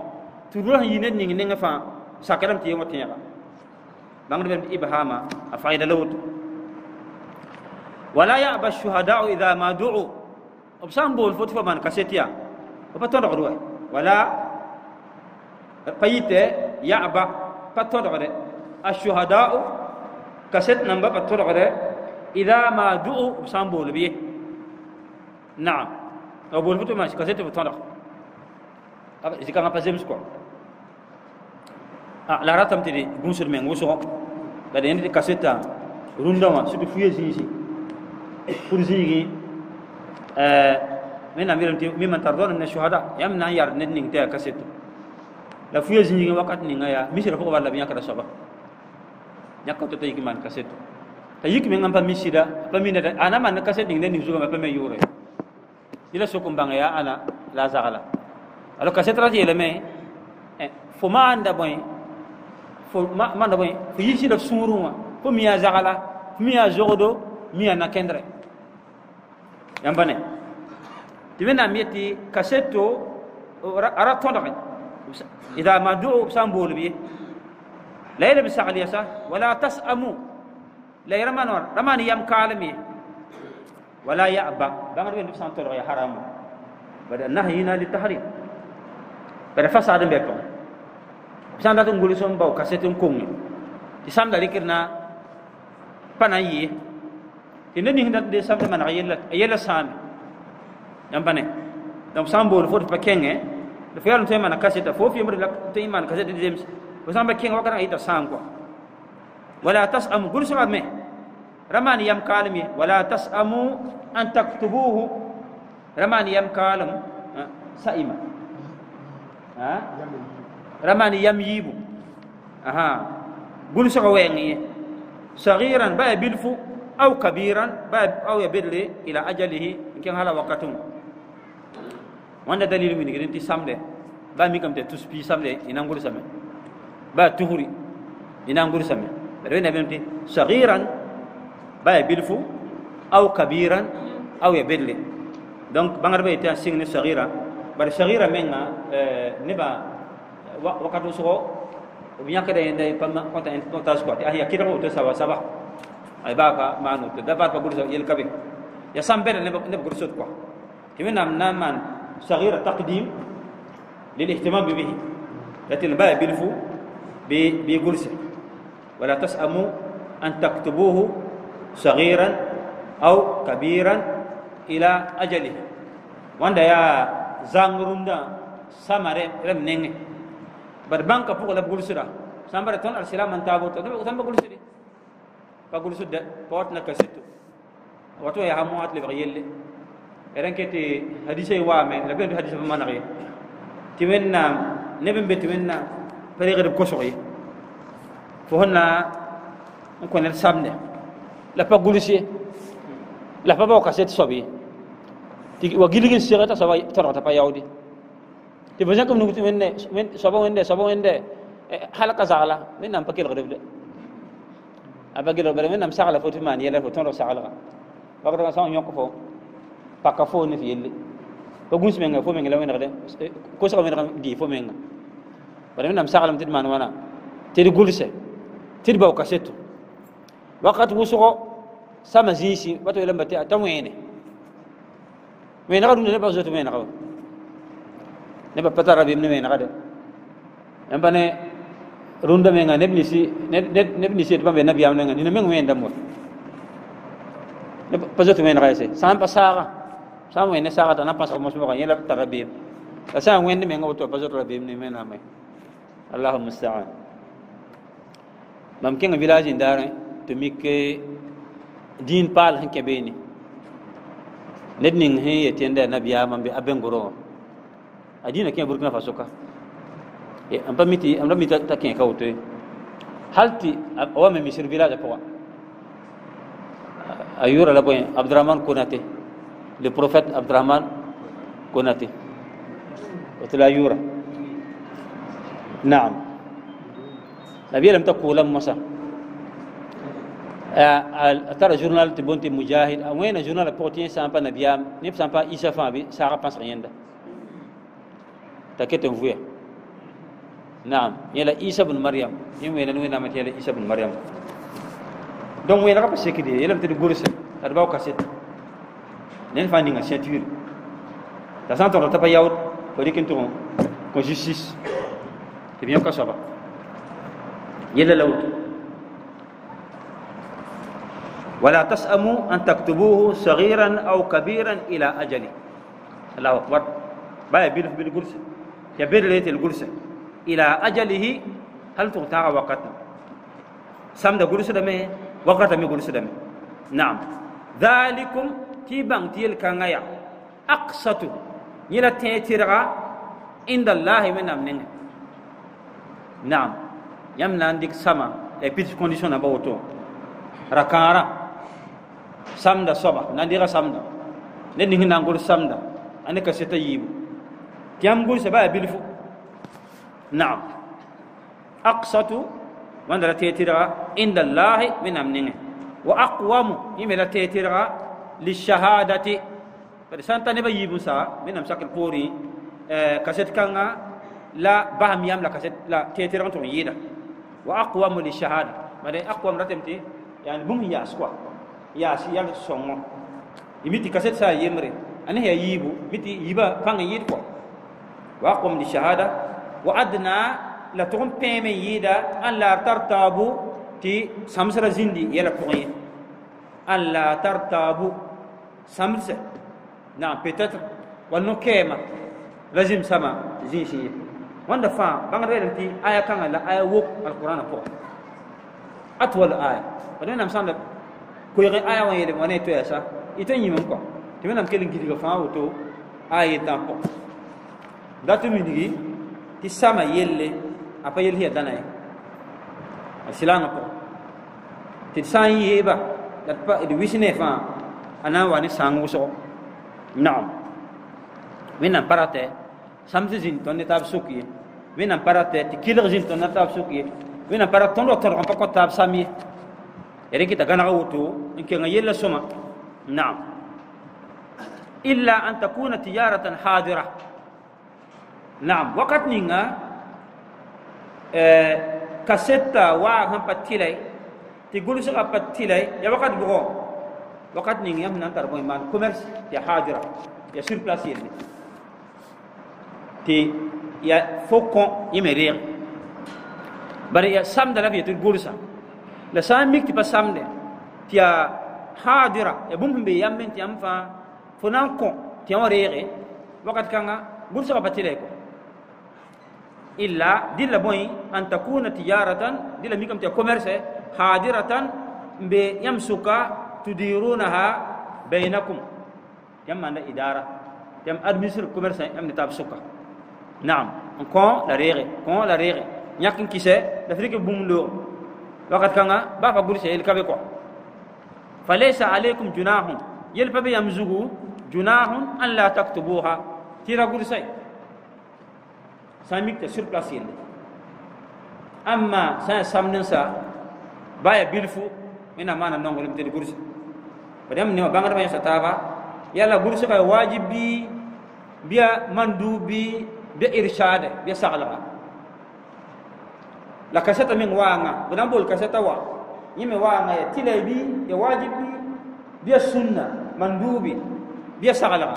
تروح ينن نين نين فا سكرم تي يوتي غا بانغ بن ابهاما افايد لوت ولا يأبى الشهداء إذا ما دعوا وبسام بول فوت فمان كاسيتيا وبتون ولا payite ya'ba patodore ashuhada'u kaset namba patodore idha ma du'u sambol bi na'am abul futu mash kaset patodore aba zika nga pasem sko ah la ratam tidi gunsur men guso da den di kaseta rundama sudu fuye zizi pour zigi euh min amiram ti mimman tardona min shuhada yamna yar nedning ta kasetu la fuya wakat ni ngaya ya misira fo wala biya kara soba nyaka to tayi man kaset ta yik men ngam misira pa mina da ana man kaset ninga ni zuga pa me yure ila sokum banga ya ana la zagala alo kaset rati ele me eh, fo ma anda boy fo ma man da boy fo yishi da ma fo miya zagala miya zogodo miya yamba ne tibena mieti kaseto ara tondaga إذا ما دعوا بسنبول بيه لا يلبس على صح ولا تسأموا لا يرمانور رمان يم كالمي ولا يأبى بعمر بن نفسان تلو يا حرام بدأ نهينا للتحريم بدأ فساد بيكم بسان داتون تقولي سوم باو كاسيتون كوني تسام دالي كنا بناي إن هنا دي سام من عيلة عيلة سامي يم نعم بني دم نعم سام بول فور بكينه fa yalum tẽn mana kaseta fofi f yembr tɩ y maan kaset d zems fo sãn pa kẽng wakatã yɩta sãam kɔa wala tasamu gʋlsga me ramani yam kalmi wala tasamu an taktubuhu ramani yam kalam sa'ima ha ramani yam yibu aha gʋlsga wɛɛng ye sagiran ba bilfu aw kabiran ba aw ya bidli ila ajalihi n hala wakatẽ wanda dalil min girin ti samde ba mi kamte te tuspi samde ina nguru samme ba tuhuri ina nguru samme rewe na bemti saghiran ba ya bilfu aw kabiran aw ya bedle donc bangar be ya eh, eh, ta singne saghira ba saghira menga ne ba wakatu so bien que des des pas quand un montage ah ya kira to sawa sawa ay ba ka manu to da ba ka burso yel kabe ya sambe ne ne burso quoi kimi nam nam man صغيرة تقديم للاهتمام به لكن الباقي بيلفوا بيقرسه ولا تسأموا أن تكتبوه صغيرا أو كبيرا إلى أجله وأن يا زانغرون دا سامر رم نين بر بانك فوق لا سرا سامر تون أرسلا من تابوت تون تون بقول سد بوتنا نكسيتو وتو يا هموات لبغيلي erenketi hadise waamen lakin hadise famanaki tiwennam nebin be tiwenna peregerib kosoxi fohonna n koner samne lapa gulusie lapa bao kaset sobi wa giligin sireta soba toroxta pa yawdi ti besin comme nugu wenne soba wende soba wende hala ka saxla min nam pa kelxerib de a ba gelxbere min nam saxla fo timan yelefo tonro saxlaxa wagotoga sax ñokk fo paka fo ne yelle ko guns menga fo menga lawen rade ko so menga di fo menga bare nam sagalam tid man wana tid gulse tid baw kasetu waqat wusugo sama zisi wato ilam bati atamwene wena gadu ne ba zoto men gadu ne ba patara bi ne wena gadu en bane runda menga nebni si nebni si ba be nabi amna ya ngani ne menga wenda mo ne pa zoto wena gadu se sam pasara sãn wẽnd sagda na pãsg mosmogã yẽ la b tag beem la sã n wẽnd menga woto pa zodra beem ne mename allahu mustaan mam kẽngã village n daarẽ tɩ mik dĩin paal sẽn kẽ beene ned ning sẽn yetɩ da nabiyaamã be a bengorogã a dĩinã kẽ burkina faso ka n pa mi tɩ m ra mi t'a kẽeka woto hal tɩ a wa me misr village pʋga a yʋʋra la bõe abdurahman konate عبد الرحمن كوناتي وتلا يورا نعم نبي لم تكن لم مسا آه، آه، ترى جورنال تبونتي مجاهد آه، وين جورنال بوتين سامبا نبيام نيب سامبا ايشافا بي سارا بانس ريندا تكيت انفويا نعم يلا إيسا بن مريم يم وين وين نامت يلا إيسا بن مريم دون وين رابا سيكي دي يلا متدي غورسل أدباو كاسيت nen fa ninga ceinture la san tɔgɔ ta pa yawut fo dikin tɔgɔ ko justice ti bien ka saba yela lawut ولا تسأموا أن تكتبوه صغيرا أو كبيرا إلى أجله الله أكبر باي بيلف بالجلسة يبير ليت الجلسة إلى أجله هل تقطع وقتا سمد جلسة دمي وقتا مي جلسة دمي نعم ذلكم tɩ y bãng tɩ yel-kãngã yaa aksatu yẽ la tẽeg tɩrga inda allahi wẽnnaam nengẽ naam yãmb na n dɩk sama la pits condition nãmba woto wã ra-kãarã samda soaba na n dɩga samda ne ning na n gʋd samda a ne ka seta yiibu tɩ yãmb gʋdsba yaa bilfu naam aksatu wãnda la tẽeg tɩrga inda allahi wẽnnaam nengẽ wa aqwamu yẽ me la tẽeg tɩrga للشهادة فرسان تنبا يبوسا من أمسك القوري آه، كاسيت كانا لا بهم يام لا كاسيت لا تيتر عن تغييدا وأقوم للشهادة مدى أقوم رتمتي يعني بوم ياسكوا ياس يام سونغو يمتي كاسيت سا يمري أنا هي يبو متي يبا فان يدكو وأقوم للشهادة وأدنى لا تغم بيمي يدا أن لا ترتابو تي سامسرا زندي يلا تغييد أن لا ترتابو سمز نعم بيتتر والنكيمة لازم سما زيشي وان دفع بعد ذلك تي آية كان لا آية وق القرآن فوق أطول آية ولكن نعم سامد كوي آية وين يلي وانا يتوه سا يتني يمكن كم تبي نعم كيلين كذي كفاه وتو آية تام فوق ده تمني تي سما يلي apa yel hiya danai silanga ko ti san yeba dat pa di wisne fa ana wani sangu so na'am winan parate samzi zin ton tab suki winan parate ti kilir zin ton tab suki winan parate ton do tor on pako tab sami ere kita gana wuto nke nga yella soma na'am illa an takuna tijaratan hadira na'am wakat ninga eh kasetta wa han patilai ti gulusa patilai ya wakat bugo wakat ning yam nan tar boy man commerce ya hajira ya sur place yel ti ya fokon yemere bare ya samda la biyetul bursa la samik ti pasamde ti ya hajira ya bum be yam men ti am fa fonan kon ti on rere wakat kanga bursa ba patire ko illa dilla boy an takuna tijaratan dilla mikam ti commerce hadiratan be yam suka تديرونها بينكم يم عند إدارة يم أدميسر كوميرس يم نتاب سكا نعم كون لا ريغي كون لا ريغي نياكن كيسه لفريك بوملو وقت كان با فغور سيل كابيكو فليس عليكم جناح يلفبي يمزغو جناح ان لا تكتبوها تيرا غور سي ساميك سور بلاص يل اما سان سامنسا بايا بيلفو ina mana nongo lemtede gursa wadam ne bangar ba yasata ba yalla bur suka bi wajibi biya mandubi biya irshade biya sagla la kaseta min wanga wadam bol kasata wa yime wanga ya tilabi ya wajibi biya sunna mandubi biya sagla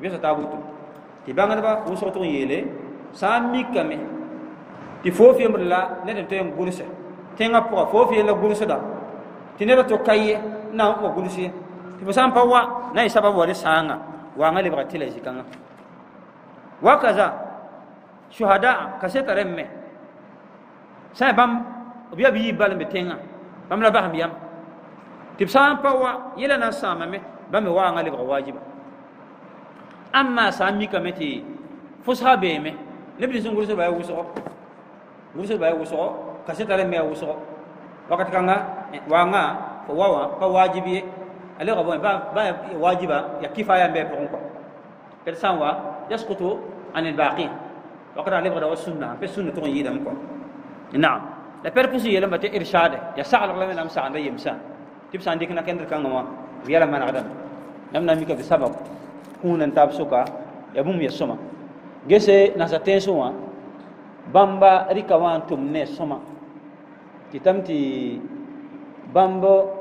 biya sata butu ti bangar ba wuso soto yele sami kame ti fofi amrla ne to yam bursa tenga po fofi la bursa da tinera to kayye na n wa gũlse tɩ fo sã n pa wa na y sabab wa rẽ sãanga waangã lebga tɩ la zĩkãngã wakaza sohada ka seta rẽ me sã y bãmb b yaa b yɩɩ bal n be tẽngã bãmb la basem yam tɩ b sã n pa wa yɩla na n sãamame bãmb me waangã lebga waajiba amma sã n mikame tɩ fʋsga beeme neb ninsẽn gʋrsdba ya wʋsgɔ gʋrsdba ya wʋsgɔ ka seta rẽ me ya wʋsgɔ wakat kãnga waanga wawa pa wajibi ale ga bon ba ba wajiba ya kifaya mbe pokon ko per san wa yasqutu an al baqi wa qara ale ga sunna pe sunna to yidam ko na'am la per pusi yelam bate irshad ya sa'al la nam sa'an da yimsa tip san dikna kendir kan ma yala man adam nam nam mika bi sabab kunan tab suka ya bum ya soma gese na sa tenso wa bamba rikawan tumne soma kitamti bambo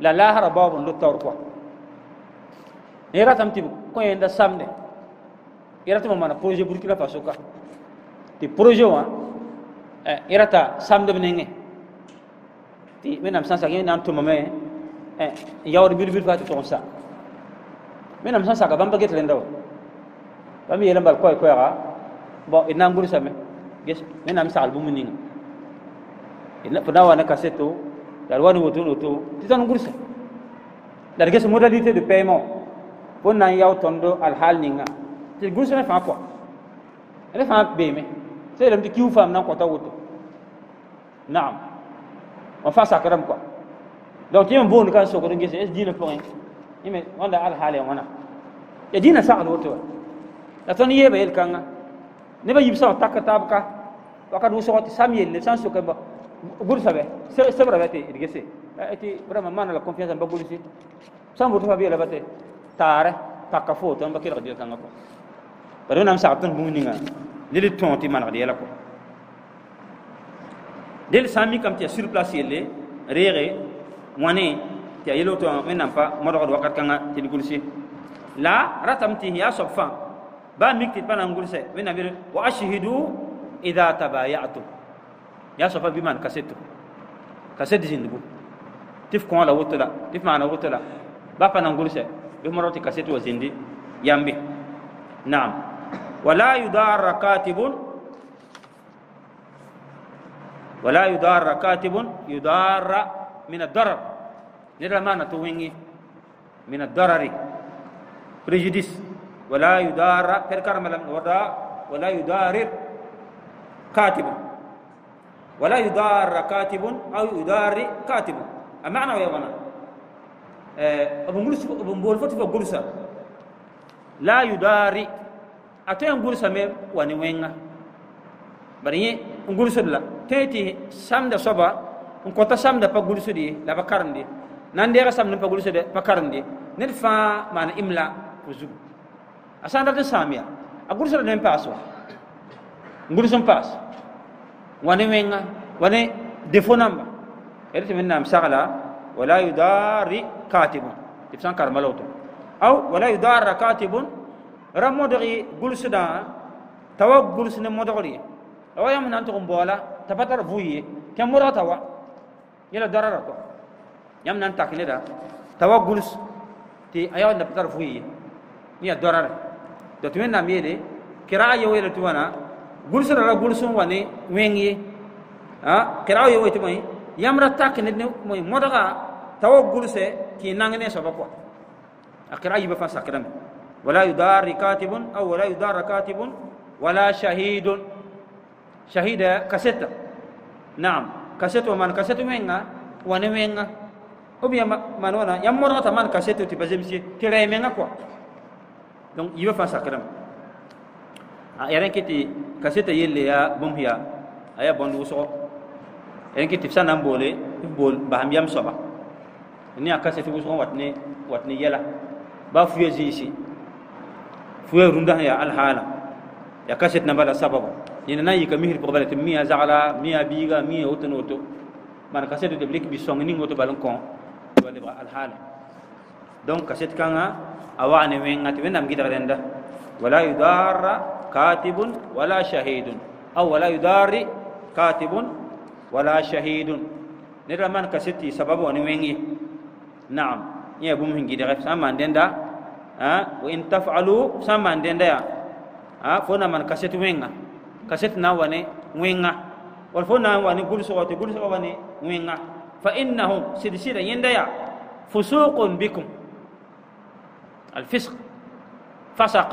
la lahara baob lu lʋb taoor koa ne ratame tɩ kõ yenda eh, samde y ratɩ mana projet burkina faso ka tɩ projet wã eh rata samdb benenge tɩ menam sansa ngi nan yẽ na n tʋmame bir yaood bilbil sa menam sansa ka bamba getel ndaw get rẽnda wa bãmb yeel n bal koɛɛ-koɛɛga bon d na n gʋrsame wẽnnaam sagl bũmb ninga na kaseto La loi darwani woto woto titan gursa darge ce modalité de paiement bon nan yaw tondo al hal ninga ti gursa na fa quoi ele fa be me le dam ti kiu fam nan kota auto. naam on fa sakaram quoi donc il y a un bon kan so ko ngi ce dina point yime wanda al hal wana ya dina sa'al woto la ton yebe el kanga ne ba yibsa takata tabka wakadu so ti samyel ne san so ko ba vrai, c'est vrai, c'est vrai. Eti vraiment man la confiance en Sans vous faire bien pas bâté. Tare, Pakafo, Par un de tonti la le comme tu as les réré, moine, tu as yélo ton pas, tu Là, ratam ti ya sofan. Ba mikti wa idha ya sofa bi man kaset kaset zindugu tif ko la wotla tif mana wotla ba pa nan gurse bi maroti kaset wa zindi yambi na'am wala yudar katibun wala yudar katibun yudar min ad-darar nira mana to wingi min ad-darari prejudice wala yudar per karmalam wada wala yudarir katibun ولا يضار كاتب أو يضار كاتب أمعنى يا بنا آه، أبنقول أبنقول فتفة قرصة لا يضار أتين قرصة ميم ونوينا بريني قرصة لا تيتي سامدا صبا نكوتا سامدا با قرصة دي لا بكارن دي نانديرا سامدا با قرصة دي بكارن دي نرفع معنى إملا وزو أسان دارت سامية أقرصة دي نمباسوا قرصة نمباسوا وني ونمنا ون دفنما إرت منا مسغلا ولا يدار كاتب تفسان كارملوت أو ولا يدار كاتب رمودغي غولسدا توا قلسنا مدغري أو يا من أنتم بولا تفتر فوي كم مرة توا يلا درارك يا من أنت كندا توا قلس تي ايو نفتر فوي يا درار دتمنى ميلي كراء يويل توانا gursun ra gursun wani wengi a ah, kirawo yewo wetu mai yamra tak ne ne moy modaga tawo gulse ki nangne so bako ah, akira yiba fa sakran wala yudar katibun aw wala yudar katibun wala shahidun shahida kaseta na'am kaseto man kaseto menga wani menga obiya man wana yammo ta man kaseto ti bazemsi tire menga kwa donc yiba fa sakran yarenkiti kasita yelle ya bomhiya aya bondu wuso yarenkiti sanan bole if bol baham yam soba ni akase fi wuso watne watne yela ba fuye jisi fuye runda ya alhala ya kasit nambala sababu yina nan yika mihir probale te miya zaala miya biga miya otono oto man kasete de blik bi song ni ngoto balan kon wala ba alhala donc kasete kanga awane wen ngati wenam gidare nda wala yudara كاتب ولا شهيد أو ولا يداري كاتب ولا شهيد نرى من كستي سبب ونويني نعم يا إيه بوم هنجي دغف سامان ندندا ها آه. وان تفعلوا سما ندندا ها آه. فونا من كست وينغا كست ناواني وني وينغا والفونا وني قول سوات قول سوات وني فإنه فانهم سدسيدا ينديا فسوق بكم الفسق فسق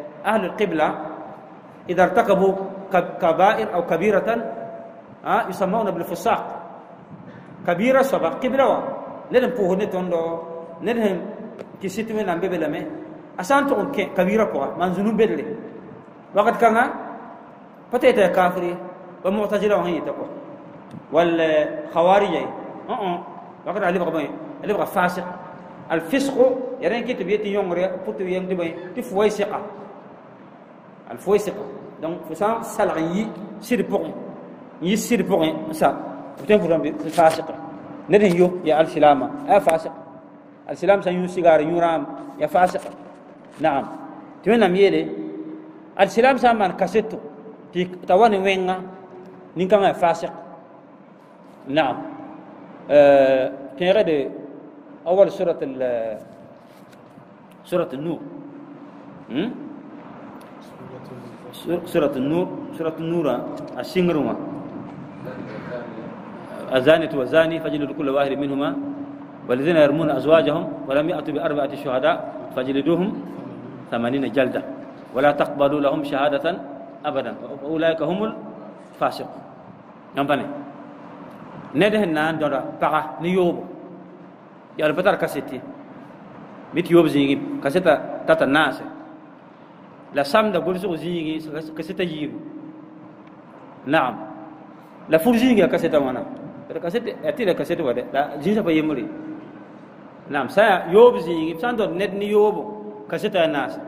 أهل القبلة إذا ارتكبوا كبائر أو كبيرة آه، يسمون بالفساق كبيرة سبق قبلة لن بوهنة تندو لن كسيتو من أمبي بلمي أسان تقول كبيرة كوا من ذنوب بدلي وقت كان بتيتا كافري ومعتزلة وهي تقوى والخوارج أه أه وقت علي بقى علي بقى فاسق الفسق يعني كي تبيتي يونغري بوتو يونغري تفوي ثقة الفويسق دونك فسا سالعي سير بوغ يي سير بوغ سا بوتين بوغ فاسق ندي يو يا السلامة ا فاسق السلام سان يو سيغار يورام يا فاسق نعم تمنى ميلي السلام سان مان كاسيتو تي تاواني وينغا نين كان فاسق نعم ا كان غاد اول سوره سوره النور 嗯。Mm? سورة النور سورة النور السنغرما الزانية والزاني فجلدوا كل واحد منهما والذين يرمون أزواجهم ولم يأتوا بأربعة شهداء فجلدوهم ثمانين جلدة ولا تقبلوا لهم شهادة أبدا أولئك هم الفاسق نمبني نده نان دورا بقى نيوب يا ربطار كاسيتي ميت يوب زيني كاسيتا تتناسي la samda gobsg zĩigi ka sɩta yiibu naam la fur zĩigi a kaseta wãna a tɩ la kaset wa dɛ la zĩnsã pa yembre naam sã n yoob zĩigi sã n tõnd ned ne yoobo kaseta a naasa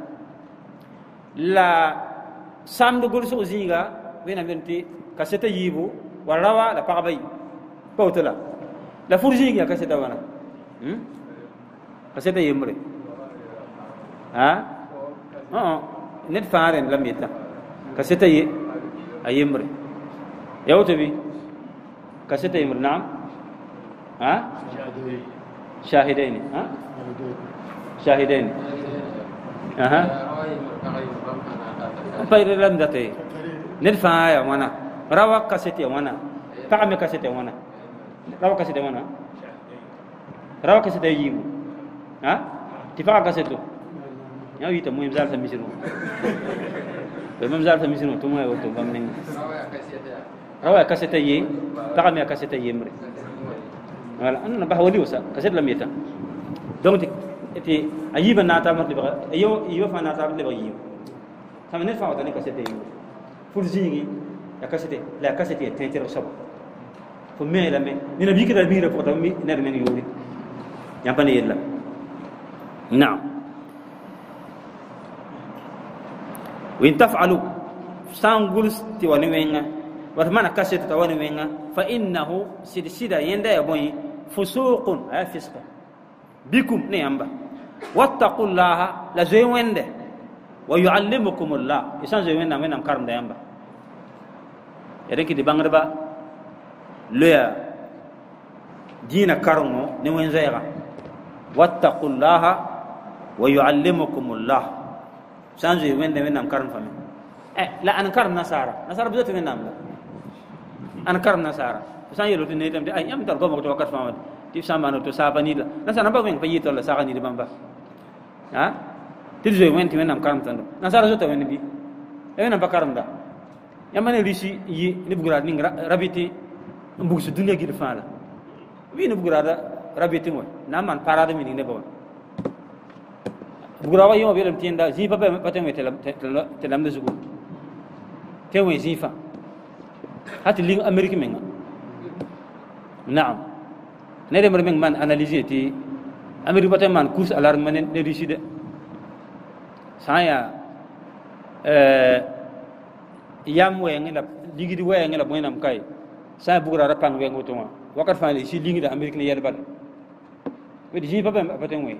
la samd gobsg zĩiga wẽnnaam yen tɩ kaseta yiibu wa rawa la pagba yi pa woto la la fur zĩigi a kaseta wãna kaseta yembre ned fãaren lam meta ka seta yi a yembre bi ka seta yembre naam shahidaini shahidaini payre lam data ye faaya fãa rawa ka set ya wãna pagme ka set ya wãna rawa ka set ya wãna rawa ka seta ya ha tifa ka seto يا ويتا مو يمزال تمسينو بمزال تمسينو تو ما وتو بامنين روا كاسيتا يي بقى ميا كاسيتا يي مري ولا انا بحولي وسا كاسيت لم يتا دونك تي ايبا ناتا مت بقى ايو ايو فانا تاب لي بقى يو تم نفع وتاني كاسيتا يي فرزيني يا كاسيتا لا كاسيتا تنتر صبر فمي لمي نبيك دا بيرا فوتا مي نرمن يوري يا بني الله نعم وإن تفعلوا سانغولستي ونوينغا وتمنى كاسيت ونوينغا فإنه سيد سيدا يندا يبوني فسوق أي آه، فسق بكم نيامبا نعم واتقوا الله لا زوين ويندا ويعلمكم الله إسان زوين ويندا وينام كارم ديامبا يريكي دي بانغربا لويا دينا كارمو نوين زيغا واتقوا الله ويعلمكم الله sanzu wende wende am karn fami eh la an karn nasara nasara bizat wende am an karn nasara san yelo to netam de ay am tar gomo to wakat fami ti samano to sabani la nasara ba wenge payi to la sagani de bamba ha ti zo wende wende am karn tan nasara zo to e wende bi wende e ba karn da yamane rishi yi ni bugura ni rabiti mbugsu dunya gi de fala wi ni bugura rabiti mo na man parade mi ni ne bugurawa yima belam tienda zifa pe pa tengwe telam telam de zugu tengwe zifa hati ling amerika menga naam nere de meng man analize ti amerika pa man kus alarm mane ne riside saya euh we wenge la we wenge la moyenam kay saya bugura rapan we to wakar fa ni si ling da amerika ne we di zifa pe pa tengwe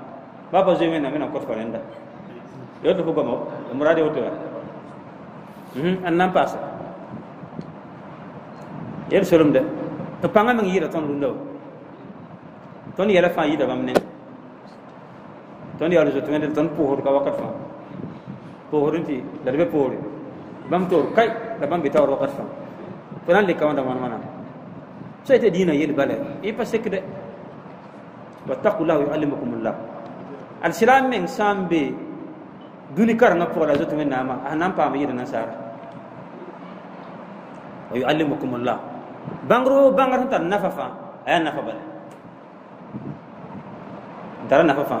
ba ba zai mena mena kot farenda yoto ko gamo murade wote wa hmm an nan pasa yel solum de to panga mangi yira ton lundo ton yela fa yida bamne ton yalo jotu mende ton pohor ka wakat fa pohorinti darbe pohori bam tor kai da bam bitawar wakat fa fanan le kawanda man mana so ite dina yel bale e pa sekde wattaqu lahu yuallimukumullah السلام من سام بي دوني كار نا فولا زوت من ناما انا نام بام يدي نصار ويعلمكم الله بانغرو بانغ تا نففا اي نففا دار نففا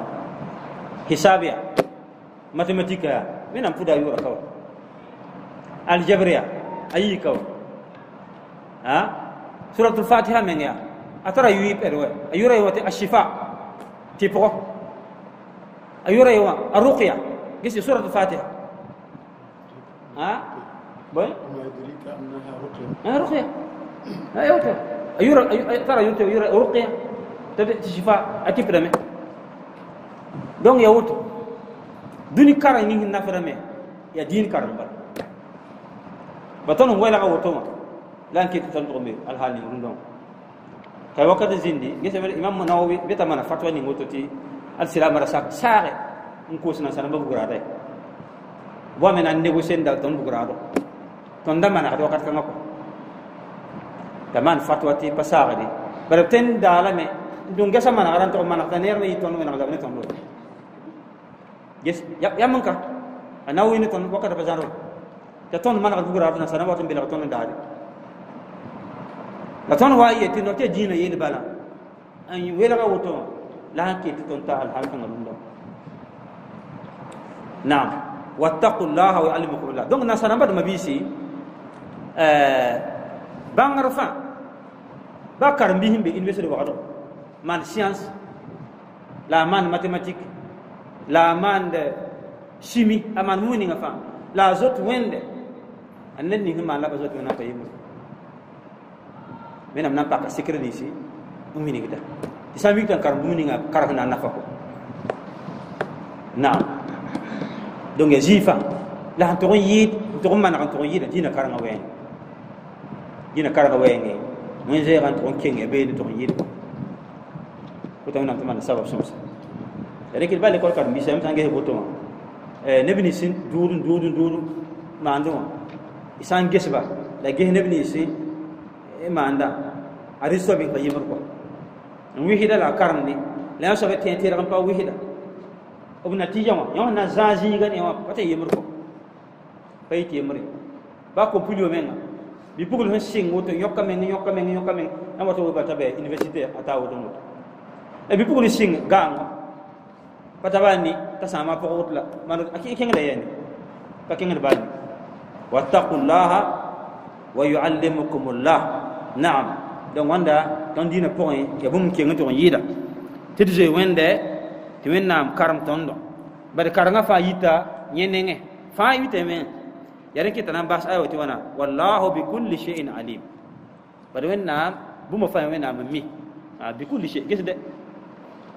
حسابيا ماتيماتيكيا من ام فدا يورا كاو الجبريا اي كاو ها سوره الفاتحه من يا اترى يوي بيرو ايورا يوتي الشفاء تيبو أيورا يوا الرقية قيس سورة الفاتحة ها بل ما يدريك أنها رقية أه رقية أيوة أيورا ترى يوتا أيورا رقية تبي تشفاء أتيب رمي دون يوت دوني كارن يهين نفر رمي يا دين كارن بل بطنهم ولا غوتهم لان كيت تنتقم الحال نيرون دون كاي وقت زندي قيس الإمام نووي بيتا منا فتوى نيوتو تي al sila mara sak saare sana kusna sana bu gurade wa men an sen dal ton bu gurado ton da mana do kat kanako taman fatwa ti pasare di ten dala me ya. dun gesa mana ran to mana taner ni ton men ngala ton do yes ya ya, ya ana wi ya, ni ton wakata bazaro ta ton mana bu gurado na sana watin bila ton da la ton wa yeti no te jina yel bala an yi welaga woto لكن تتنتع الحاكم الله نعم واتقوا الله ويعلمكم الله دونك ناس انا بعد ما بيسي ا آه، بان رفا بكر بهم بي انفيسيتي وقت مان سيانس لا مان ماتيماتيك لا مان شيمي امان موني نفا لا زوت ويند انني هما لا زوت من نفا يمو طيب. مينام نان باكا سيكريتي سي موني نغدا تسامي كتن كارم دومينينا كارفنا نافاكو نعم دونك جيفا لا تروي يد تروم ما نكون تروي يد دينا كارنا وين دينا كارنا وين من زي كان تروم كينغ يبين تروي يد كتبنا نعم تمان السبب سمس لكن بالي كل كارم بيسام تانجه بوتوما نبني سن دورن دورن دورن ما عندهم إسان جسبا لكن نبني سن ما عنده أريسو بين قيمركم n wisda la a karemde la yã soab tẽ tɩrg n pa wisda b natija wã yã na zãag zĩiga ne wã pa t'a yembr kɔ pa yet yembre ba kompulio menga bipugl sẽn sɩng woto yõka meng yõka meng yõka meng na wa tɩ wɩ bata bɩ université a taa woto n woto la bipugl sɩng gaanga pa ta baa ne t'a sãama pʋg woto la maan a kẽng la yɛne pa kẽngd baa ne wattaku llaha wa yuallimukum llah naam don wanda don dina pɔgẽ ya bũmb keng tɩg n yɩɩda tɩ wende zoe karam tɩ wẽnnaam karem tõndo bad karengã fa yita yẽ nengẽ fãa yitame yaa tɛ kɩta na n bas aya tɩ wãna wallahu bikulli shein alim bad wẽnnaam bũmba fãa wẽnnaam n mi ah, bikulli she gesde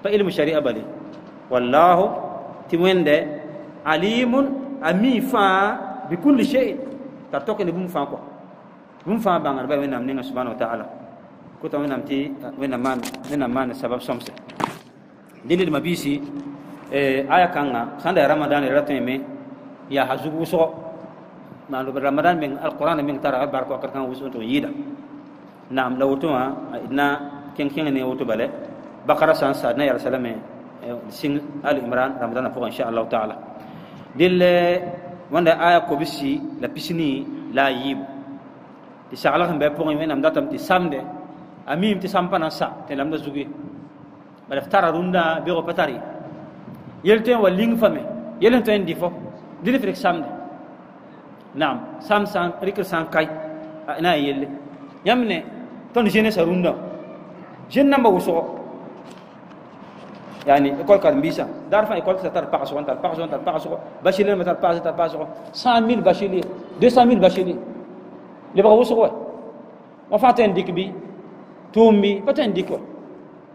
pa ilmu sharia bali wallahu tɩ wẽnde alimun a mi kulli bikulli shein tar tɔk ne bũmb fãa kɔ bũmb fa bãngr ba wẽnnaam nengã subhanahu wa taala kuta man wena man sabab somse dini ned mabisi eh, aya Ramadan sanda ya ramadan ya ra tõe me yaa zug wʋsgɔ maanlb ramadan meng alqurana meng tara barko akar kãng wusu to yida yɩɩda naam la wutu wã a d na kẽng-kẽng ne wutu bale bakara san sa na ya salame e, al imran ramadana insha allah taala dɩl wanda aya bisi la pisini la yib Isa tɩ saglg sẽn bɩ pʋgẽ samde أميم تسامح ناسا تلامد زوجي بل افترى روندا بيرو بتاري يلتين ولين فمي يلين تين ديفو دين فريك سامد نعم سام سام ريك سام كاي أنا يل يمنى تون جينا سروندا جين نمبر وسوا يعني يقول كان بيسا دارفا يقول ستار باسو وانتار باسو وانتار باسو باشيلين متار باسو تار باسو 100000 باشيلي 200000 باشيلي لي بغاو وسوا ما فاتن ديك بي tumbi pata diko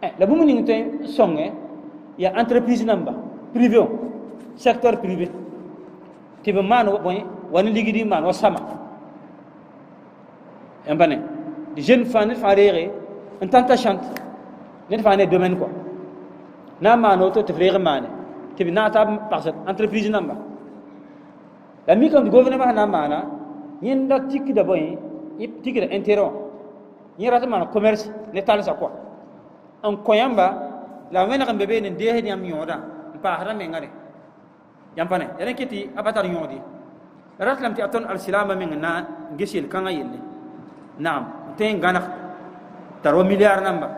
eh la bumu ni ten songe eh? ya entreprise namba privé secteur privé tibe man bon wani ligidi man wa sama embane de jeune fan fa rere en tanta chante ne domaine quoi na manu to te frère mané tibe na ta par cette entreprise namba la mi kan gouvernement na mana yenda tikida boy yip tikida interro yẽra tɩ maan commerce ne talsa kɔa n kõ yãmba la wẽneg n be bee nin deesd yãmb yõodã n paasda ne a pa tar yõod ye tɩ a tõnd alsilaamã na n ges yel-kãngã yelle naam ten n gãneg tar namba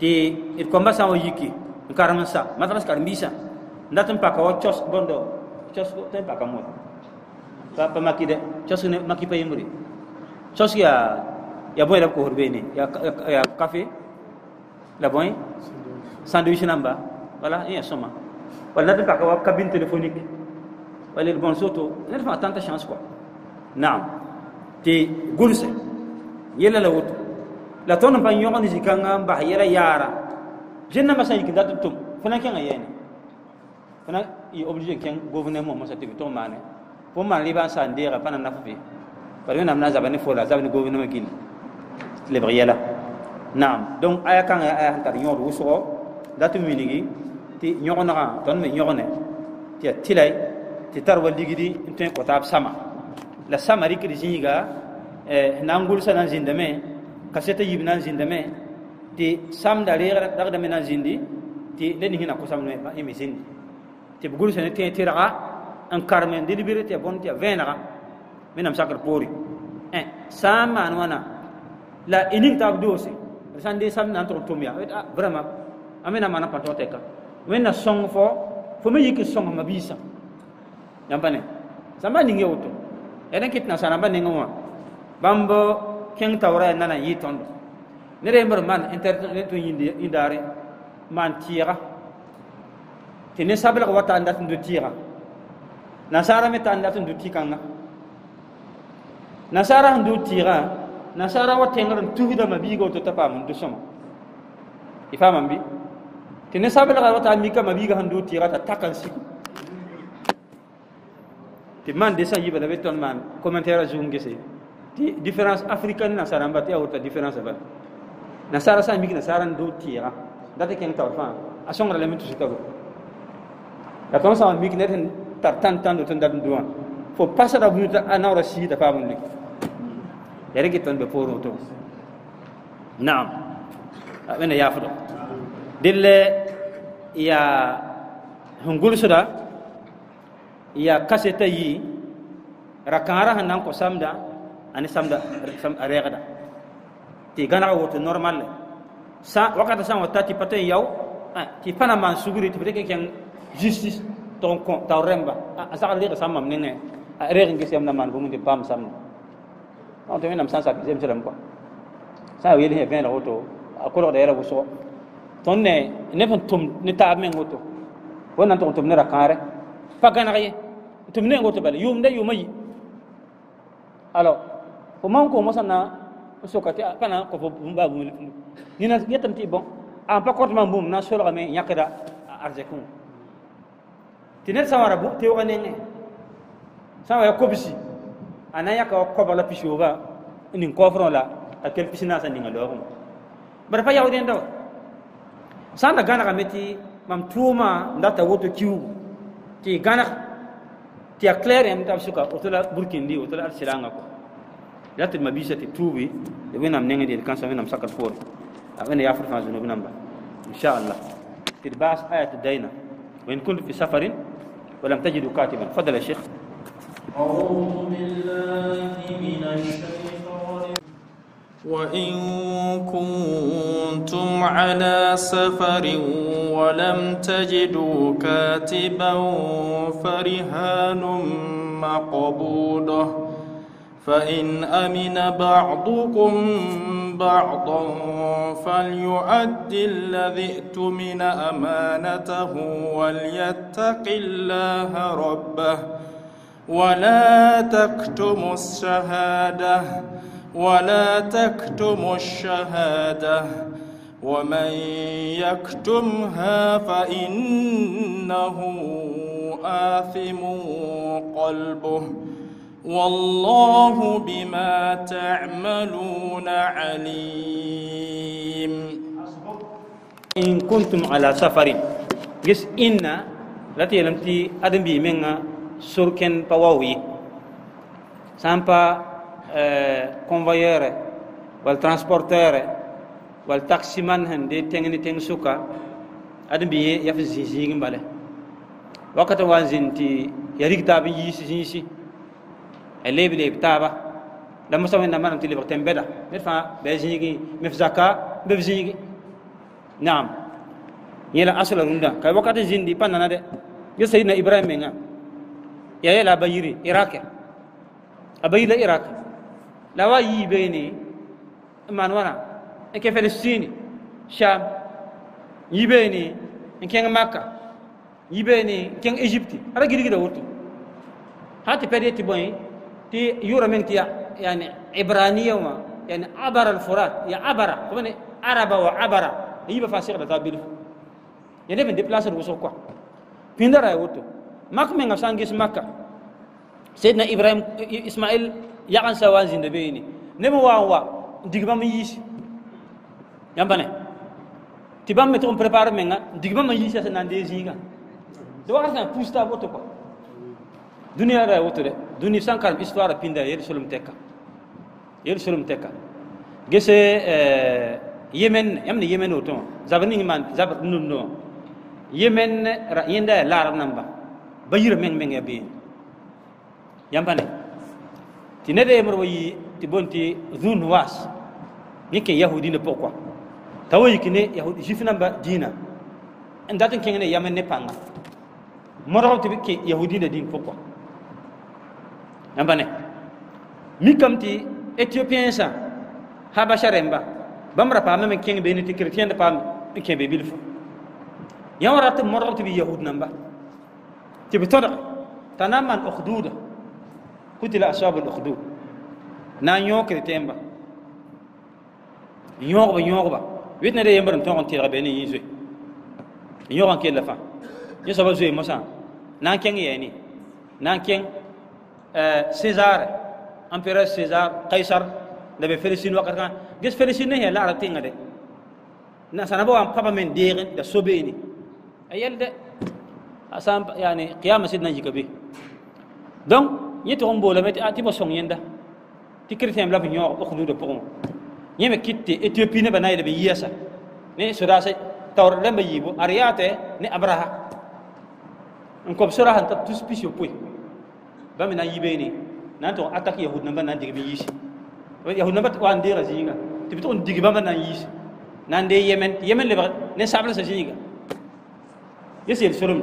tɩ d kõmba sã n yiki n karem n sa matras karen-biisã n dat n paka wa cos bõndo cos tõe n paka moe pa makɩ dɛ cos ne makɩ pa yembre y'a lab ko ni ya la laboy sandwich namba wala ya eh, soma wala nabi cabine téléphonique bon soto fa tanta chance quoi naam te la la ton ni yela yara jenna ma ki datu tum fana kenga yene fana i obligé ken gouvernement mo pour par gouvernement lebg yɛla naam donc aya kãngã aya sẽn tar yõod wʋsgɔ dat n winigi tɩ ton me yõgne tɩ ya tɩlay tɩ tar wa ligdi n sama la sama rɩkd zĩiga eh, na n gʋlsa na n kaseta kasɛta yib na n zĩndame tɩ samda zindi, dagdame na n zĩndi tɩ na kõsam me ẽ me zĩndi tɩ b gʋlsa ne tõe tɩrga n karem n dɩlbr tɩ ya bõnd tɩ ya vẽenega wẽnnaam sakd poore eh, la ining ta si san de sam nan to ya vraiment amena ah, mana pa teka song fo fo me yiki song ma bisa yampane samba ninge woto eden eh, kitna sana ba ninge wa bambo ken tawra na yiton ne re mar man internet to yindi indare man tira tene sabla wata andat ndu tira nasara meta andat ndu tikanga nasara ndu tira nasara wa tẽngr n tusdãmã biiga woto t'a paam n dʋsẽma y faam n bɩ tɩ ne sablga wa taa mikame biiga sẽn dʋʋr tɩɩga t'a tak n sig tɩ b maan desã yiba la be tõnd commentaire a zugum gese tɩ différence africain nasara n ba tɩ yaa ba nasara sã n mik nasara n dʋʋr tɩɩga dat kẽng tar fãa a sõngra lame tusi tago la tõnd sã n mik ned sẽn tar tãn tãnd woto n dat n dʋ wã fo pasda bũuta a naoora sii t'a paam e rigiton be pooro to naam ya yaafuɗo dille ya suda ya kaseta yi rakara han nan ko samda ani samda a reeɗa ti gana woto normal sa wakata sa wata ti paten yaw ah, ti panaman suguri ti breke ken justice ton ko taw remba a ah, saxa reeɗa sammam nene a ah, reexe ngisiyam na man de pam on to wenam sansa jem selam ko sa yeli he ben roto akolo da yela buso ton ne ne tum ni taab men goto wonan ton tum ne rakare pagana ye tum ne goto bale yum da yumayi alo fo man ko mosana sokati pana ko fo bumba bumul ni na yetam ti bon en pa kortma bum na solo me yakada arjekun tinet sawara bu te wonene sawa ya kobisi ana ya ka ko bala pishoga nin kofron la akel pisina san dinga lorum bar fa yawden do sanda gana ka meti mam tuma ndata woto kiu ti gana ti aclaire am tab suka otola burkindi otola arsilanga ko latin mabisa ti tubi de wenam nenga de kan sa wenam sakat for awena ya furfa zunu binamba inshallah ترباس آية الدينة وإن كنت في سفر ولم تجدوا كاتبا فضل الشيخ أعوذ بالله من الشيطان وإن كنتم على سفر ولم تجدوا كاتبا فرهان مقبوضة فإن أمن بعضكم بعضا فليؤد الذي ائتمن أمانته وليتق الله ربه ولا تكتم الشهادة ولا تكتم الشهادة ومن يكتمها فإنه آثم قلبه والله بما تعملون عليم إن كنتم على سفر جس إن التي لم تي أدم بي منها surken pa sampa ye sã n pa convoyeure wall transporteure wall taximan sẽn dee tẽng ne tẽng sʋka ad n bɩ ye yaa f zĩig zĩig n bala wakat ya rig taab n yiis zĩisi a leeb leeb taaba la mosa wẽnnaam manam tɩ lebg tẽn bɛda ned fãa be f zĩigi naam yẽla asla rũndã ka wakat zĩndi pa nana dɛ ibrahim menga yaye la bayire irake abayi la irake la wa yi bene man wana nke Palestine sham yi bene nke Makka yi bene nke Egypte ara gidi gida wutu hati pede ti boy ti yura min tiya yani ibraniya ma yani abara al-furat ya abara kuma ne araba wa abara yi ba fasira da tabil yani bin déplacer wuso quoi pindara wutu mak me nga sangis makka ibrahim ismail yakan sawan zinde be ni ne mo wa digba mi yamba ne tiba me to prepare me nga digba mi yis sa nande kan. zinga do sa pusta boto ko dunia ra woto de duni sankar histoire pinda solum teka solum teka gese euh yemen yamne yemen oto zabani man zabat nunno yemen ra yinda la arab namba ba yira meŋ meŋ ya beene yãmba ne tɩ ned yembr wa yɩ tɩ bõn tɩ zũn waas ne kẽ yahudinã pʋg kɔa t'a wa yik ne zif nãmba diinã n dat n kẽng ne yamb ne pãnga modg tɩ b kẽ pokwa dĩn pʋg kɔa yãmba ne mikame tɩ éthiopiẽnsã habasa rẽmba bãmb ra paam me kẽng beene tɩ chrétien da paam n be bilfu yã wa rat n modg tɩ bɩ yahud nãmba تبتدع تنام الأخدود قتل أصحاب الأخدود نان يوك تيمبا يوغبا يوغبا ويتنا دي يمبرن تنغن تيرا بيني يزوي يوغن كي لفا يسابا زوي موسى نان كين ياني نان كين آه، سيزار أمبيرا سيزار قيصر دبي فلسطين وقت جس فلسطين هي لا رتينغ دي نا سنابو أم بابا من ديرن دا سوبيني أيال دي yani qiyam sidna jika be donc ñi to mbo la meti ati ah, bo song yenda ti chrétien la ñoo ko do pour ñi me kitte éthiopie ne banay be yesa ne sura sa tawr la be yibo ariate ne abraha on ko sura han ta tous pisio puy ba me na yibe ni nan to attaque yahud na ban digi be yisi yahud na bat wa ndira zinga ti biton digi ba na yisi nan de yemen yemen le ne sabla sa zinga yesi el surum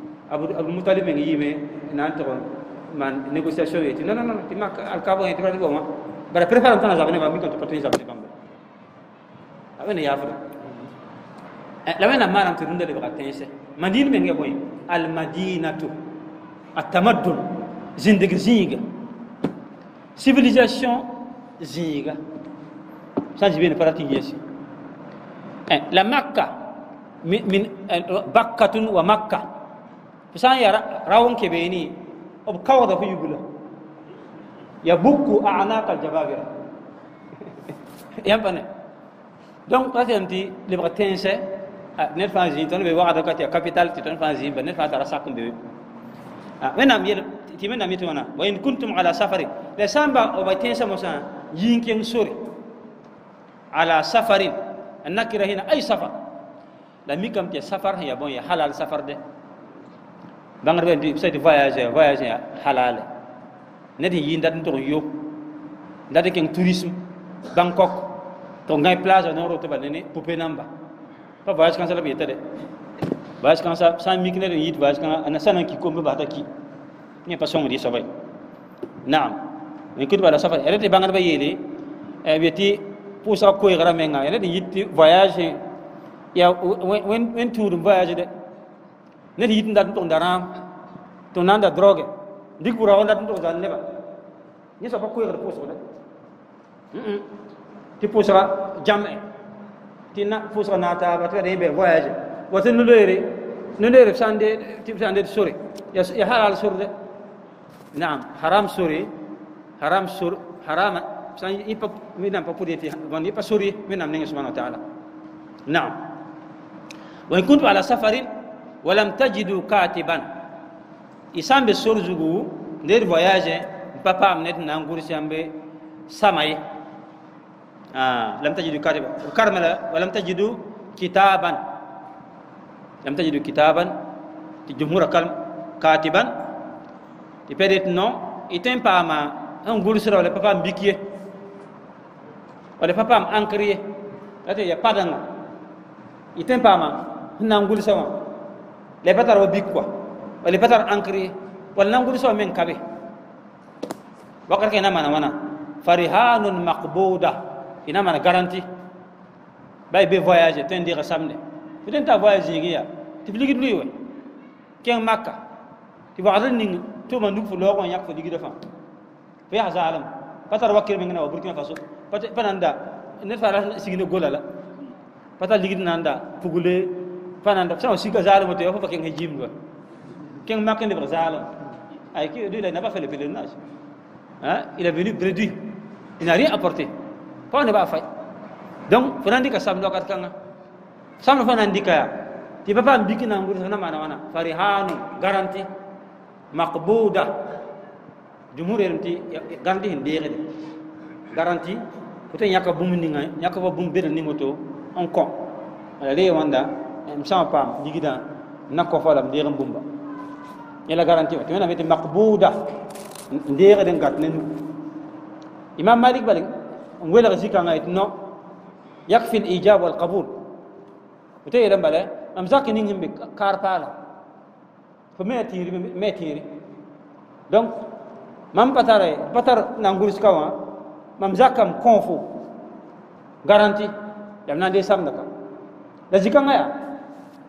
abdulmutalib meng yime eh, nan togon man négociation yeti ti non non non ti mak alkabo he ti fati bara prépare tana zabane ba min kon to patoni awene eh, yaafata lawena maram to rundade ɓaka tense madine menge boy almadinatu a tamaddun zindigi ziiga civilisation ziiga sanji ɓene parati yesi la makka min bakkatun wa makka فسان يا راون كبيني أب كوضة في يقوله يا بوكو أعناق الجبابرة يمبنى دونك قاتل أنتي لبغتين سي نرفع زين تون بي وعدك يا كابيتال تون فان زين بنرفع ترى ساكن وين أمير تيمين أمير تونا وين كنتم على سفر لسامبا أبتين سموسا ينكين سوري على سفرين النكرة هنا أي سفر لا ميكم تي سفر هي بون يا حلال سفر ده bãngd bã sẽd voyage voyage halal halaale ned n yɩɩn dat n tog n yok dat n kẽng tourisme bangkok tog gãy plage a noor tɩ ba nene poupé namba pa voyage kãnsa la b yeta de voyage kãnsa sã n mik ned n yɩɩd voyage kãga a nasã na ki kombe basda ki yẽ pa sõngd yɩ soaba naam n kɩt bala soaba rẽ tɩ bãngdbã yeele eh, b yetɩ pʋʋsga koeegrã menga rẽ tɩ n yɩɩd tɩ voyage yaa wẽn tũud voyage de ne hit da to ndara to nanda droge ndik bura onda to zan neba ni so ko yer puso da mm ti puso jamme ti na puso na ta ba re rebe voyage watin no lere no sande ti sande sore ya ya halal sore na'am haram suri, haram sur harama san ipa minam pa pudeti gon ipa suri minam ningi subhanahu wa ta'ala na'am wa in kuntu ala safarin walam tajidu katiban isan be sorzugu nder voyage papa am net na samai ambe samay ah lam tajidu katiban karmala walam tajidu kitaban lam tajidu kitaban ti jumhur kal katiban ti pedet no item pama an sura wala papa am bikiye wala papa am ankriye ate ya padanga item pama nan sama le patar au big quoi le patar ankri wal nangudi so men kabe wakar ke namana wana farihanun maqbuda ina mana garanti bay be voyage ten dire samne ten ta voyage giya ti ligi dui we ken makka ti waadal ning to man duk fu logon yak fu digi dafa be hazalam patar wakir men na burkina faso pananda ne fara sigine golala patar ligi nanda fugule fananda sa sika zalo mo teo apa hejimwa ken makin de zalo ay ki lui il n'a pas fait le pèlerinage ah, il est venu brédu il n'a rien apporté apa, ne dong fait donc fanandi ka samlo kat kanga samlo fanan ka ya. ti papa mbiki na sana mana mana, farihanu garanti maqbuda jumhur ti, ya, ya, garanti hin garanti ko te nyaka bumni nga nyaka ba ni moto on ada ala wanda مشان بام ديجدا نكو فلام ديرن بومبا يلا غارانتي تي وانا فيتي مقبوده ندير دين غات امام مالك بالي ويلا رزي كان ايت نو يكفي الايجاب والقبول وتي يرم بالا ام زاكي نين همبي كار بالا فمي تيري مي تيري دونك مام باتار باتار نانغوس كاوا مام زاكام كونفو غارانتي يامنا دي سامنا لا زيكا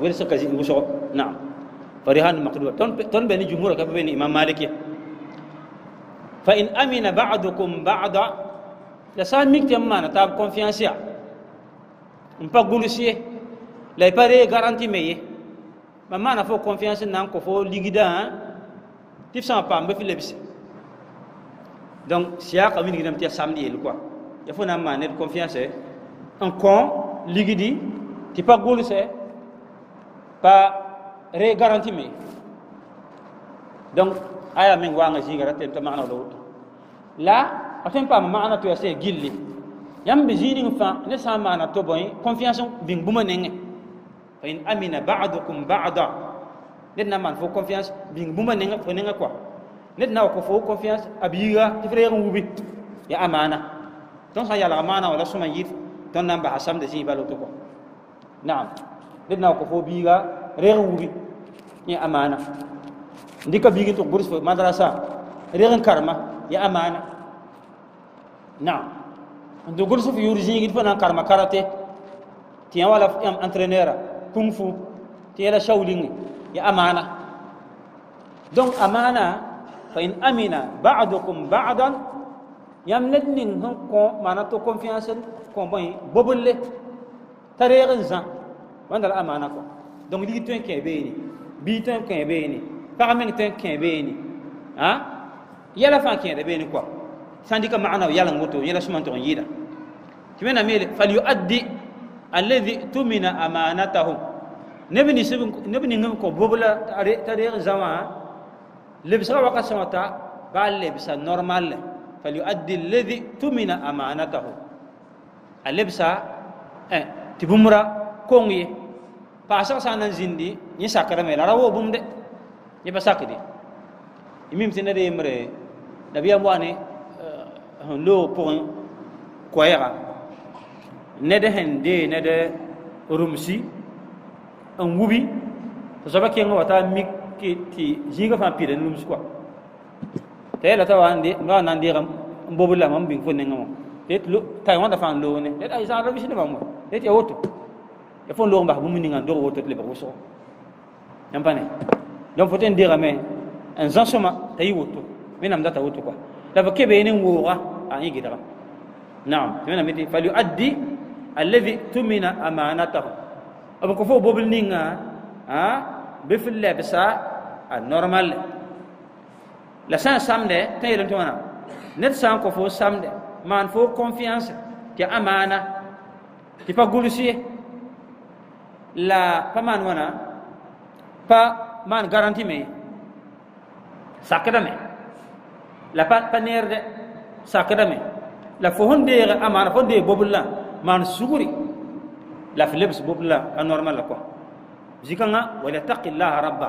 non? sokka wusogo naam farihan maqduba ton ton ɓeni jumhura kaɓe ɓeni imam Malik? fa in amina badukum bada la sa mikten mana ta confiance a um La siye garantie. pare garanti meye ma mana fo confiance nan ko fo ligida a tifsan pambe fi lebise donc siyaka winigidam tiya samedi, le quoi ya fo nan manede confiance eh. En con ligidi ti pas see pa re garanti me donc aya min wanga jigara ta maana la atem pa maana to yase gilli yam bi jini fa ne sa maana to confiance bing buma nenge fa in amina ba'dukum net man confiance bing buma nenge fo quoi net ko fo confiance abiga ti ya amana ton sa yala wala suma yit ton namba hasam de d na ko fo biiga reg wugi ya amana ndika biigi tɩ gurs fo madrasa reg karma karema ya amana naam n gursu gurs fo yʋʋr fo na n karate tɩ yã wala entraînera kung fu tɩ yɛla shaolingẽ ya amana donc amana fa in amina badukum badan yãmb ned ning sẽn kõ maana tɩ confiance kõ bõe bobulle t'a reeg wanda la amana ko donc ligi tõe n kẽ beene bii tõe n kẽ beene pag meng tõe n kẽ beene a yɛla fãa kẽeda beene kɔa sãn dɩka magna yaleng woto yẽla sũma n tog n yɩɩda tɩ wẽnnaam yeele falyuaddi allazi tumina amanatahum neb ning n kõ bob la t'a reeg zã wã lebsga wakat sã ta baa lebsa normal falyuaddi allazi tumina amanatahu a lebsa tɩ bũmb kongi paasa sanan zindi ni sakara me lara wo bumde ni basakidi imim sene de mre dabiya bwane lo eh, point koyra ne de hen de ne de rumsi an wubi zoba ke ngota mikki ti jiga fa pire rumsi kwa te la tawande no nan de ram mbobula mam bing fo ne ngamo det lu taiwan da fa lo ne det ay sa rabisi ne bamo det ya woto faut fon lor mbah bumi ninga dor wotot le bawo so donc foten dira me hein. ah, en zansoma tayi woto menam data woto kwa la ba a yi il na'am que miti fali addi tumina fo bobul ha be fille sa normal la san samde to hein. net san samde man fo confiance ti amana ti pa la pa man wana pa man garanti me sakda me la pa pa ner de sakda me la fo hon de amana fo de bobulla man suguri la filibs bobulla a normal ko jikanga wala taqillaha rabba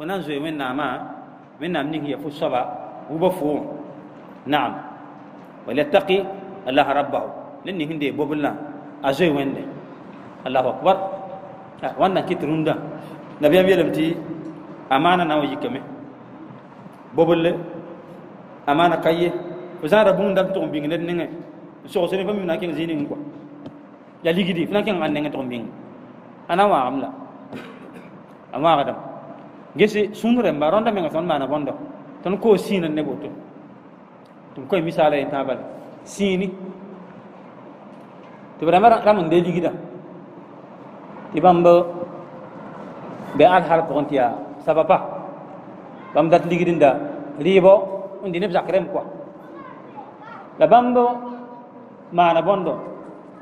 fonan zo men nama men nam ningi fo soba uba fo na'am wala taqi allah rabbahu lenni hinde bobulla a zo wende allahu akbar wannan kitirun da nabiyan biyalam ti amana na wayi kame amana kaye fusara rabun da to bingin ne ne so so ne na zini ngwa ya ligidi fina kin an ne to ana wa amla amma kada dam gese sunure mbaronda me son mana bondo ton ko sinan ne boto tum ko misala en tabal sini to bara ram ndeli gida ibam bo be al har kontiya sababa bam dat ligirinda libo undi nebza zakrem kwa la bambo mana bondo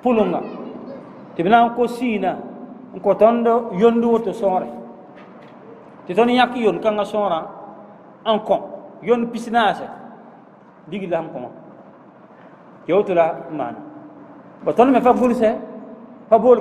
pulunga tibna ko sina ko tondo yondu woto sore ti toni yak yon kanga sora an kon yon pisinase digi lam ko yowtula man ba ton me fa bulse fa bol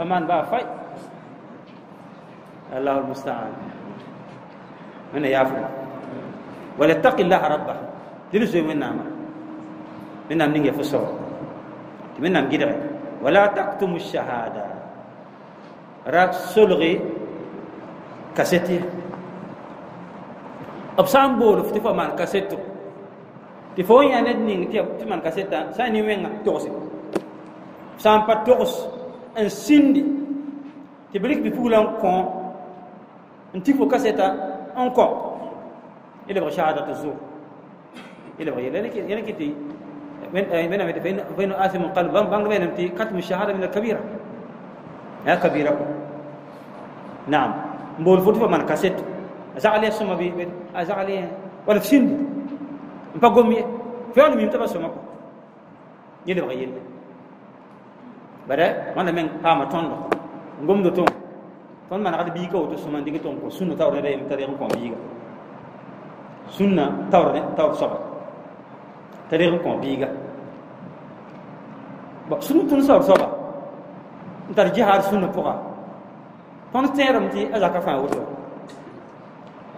كمان بقى فاي الله المستعان من يعفو ولتق الله ربه دلسو من نعمة من نعم نيجي فسوا من نعم جدري ولا تكتم الشهادة راك سلغي كاسيتي أبسام بول فتفا مان كاسيتو تفوين يعني دنين تيا تمان كاسيتا ساني وين توسي سام باتوس n sĩndi tɩ b rɩk bɩ-pugla n kõ n tik fo kasɛta n kõ y lebg shahadatu zur y lebg yela kɩ tɩ tɩ fainu asimu qalb bãng wẽnnaam tɩ katmu shahada min alkabira ya kabira ko naam n bool fo tɩ fa man kasɛt a zagl ya sõma bɩ a zagl yẽ wala f sĩndi n pa gom ye fɩ wa tɩ ba sõma ko yẽ lebg yelle bare wanda men pama tondo lo ngom do ton ton man gadi bi ko to suman digi ton ko sunna tawre re tare ko biiga sunna tawre taw soba tare ko biiga ba sunna tun soba soba ntar jihar sunna poka ton teram ti ala ka fa wodo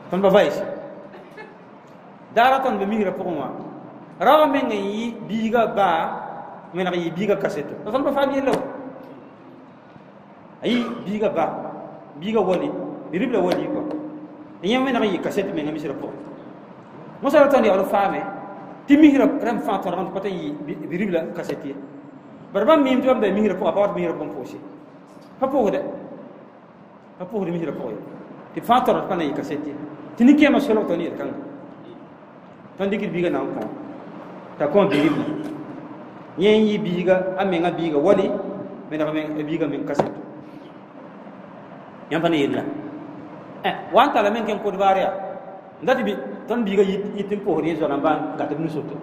ton ba vais dara ton be mihra ra pokuma rawa men ngi biiga ba wẽneg yɩ biiga kaseto la sõlma faam yella wa a yɩ biiga ba biiga wali ribla wali kɔ d yẽ wẽneg yɩ kaset menga misrã pʋgẽ mosa ra tõnd yaool faame tɩ misrã rãmb fãa tõdgem tɩ pa tõn yɩ ribla kaset ye bara bãmb miim tɩ bãmb da misrã pʋga pa wat misrã bõn pʋʋse pa pʋʋsdɛ pa pʋʋsd misrã pʋgẽ tɩ b fãa tõdg tɩ pa na yɩ kaset ye tɩ nin-kẽemã solg tõnd yel kãnga tõnd dɩkd biiga na n kõ t'a kõ biigribã yen yi biiga a meŋa biiga wali medg a biiga meŋ kaseto yãmb pa ne yella eh, wa n tala meŋ ken kod baar yaa dat bɩ tõnd biiga yit n pʋsd ye zoalã bãan gat b nusoto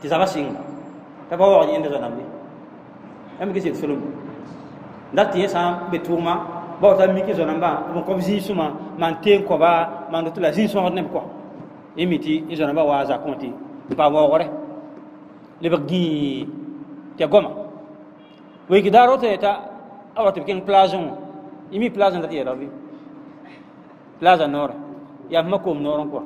tɩ zaba sɩnga t'a pa waoog yẽnda zoalãmbe yãmb ges yel solomd dat tɩ yẽ sã n be tʋʋmã bao t'a mik zoalã bãa b n kõb zĩig-sũmã maan teen kõba maan do tɩ la zĩig-sõogd neb kɔ yẽ mi tɩ zoalã bã waa zakẽ tɩ n pa waoogrɛ lebek gi te goma wegi daro te ta awata ken plage imi plage on tati rabi plage nora ya makom noron kwa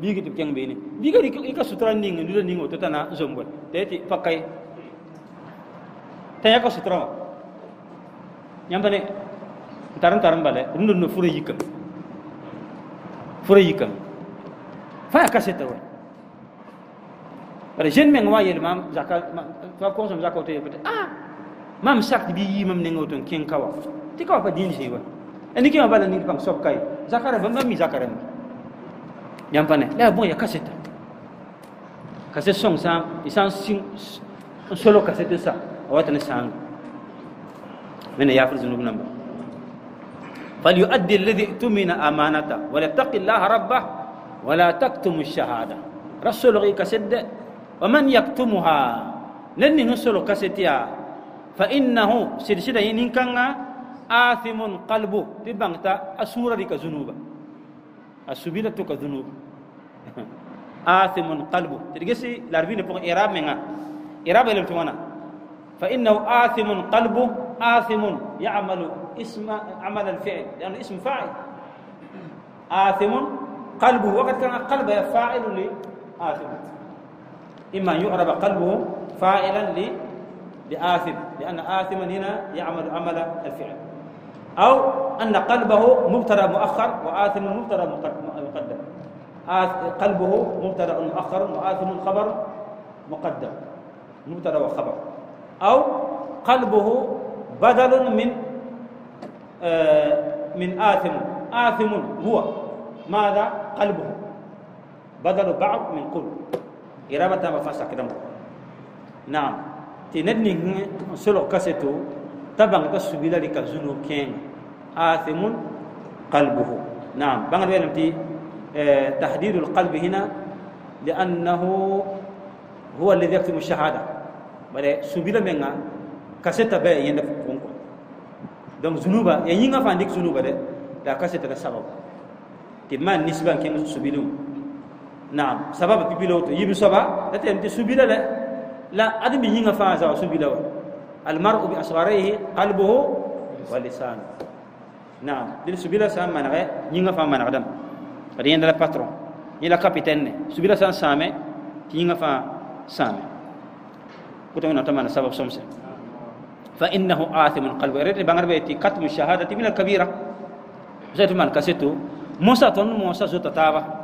bigi te ken bene bigi ri ka sutra ninga ndu ninga to tana zombo te ti fakai ta ya ka sutra nyamba ne taran taran bale rundu no fure yikam fure yikam fa ka setra wa ra jeune meng wa yel mam zaka fa ko som zaka to yebta ah mam sak bi yi mam nengo ton ken kawa ti kawa pa din je wa ani ki bala ni pam sok kai zakara bamba mi zakara mi yam pa ne la bon ya kaseta kaset song sa isan sing solo kasete sa awata ne sang من يغفر ذنوب نمبر فليؤدي الذي اؤتمن امانته وليتق الله ربه ولا تكتم الشهاده رسول غي كسد ومن يكتمها لن نسلو كستيا فإنه سلسلة كان آثم قلبه تبانتا اسورا لك ذنوبا أسبيلة لك ذنوب آثم قلبه تلقسي لاربين بقى إراب منها إراب إلم تمانا فإنه آثم قلبه آثم يعمل اسم عمل الفعل لأن يعني اسم فاعل آثم قلبه وقد كان قلبه فاعل لآثم إما أن يعرب قلبه فاعلا لآثم لأن آثما هنا يعمل عمل الفعل أو أن قلبه مبتدا مؤخر وآثم مبتدا مقدم قلبه مبتدا مؤخر وآثم خبر مقدم مبتدا وخبر أو قلبه بدل من آه، من آثم آثم هو ماذا قلبه بدل بعض من قلب iraba taba fa sakdam naam ti ned ning solo kaseto tabang ka subila ri ka zunu ken athimun qalbuhu naam bangal welam ti تحديد القلب هنا لأنه هو الذي يكتم الشهادة بل سبيل منا كاسيتا بي يندف كونكو دونك زنوبا يعني ينغا فانديك زنوبا ده لا كاسيتا ده سبب تما نسبة كين سبيلهم نعم سبب بيلوت يم سبا تتم سبيلا لا لا ادم بينغا فازا سبيلا المرء باصغريه قلبه ولسانه نعم دل سبيلا سام من غير ينغا فام من دم رين دل باترون يلا كابيتين سبيلا سام سام ينغا فام سام كنت من اتمنى سبب سمسه فانه آثم قلبه ريت بعمر بيتي كتم الشهاده من الكبيره زيت من كسيتو موسى تون موسى زوت تابا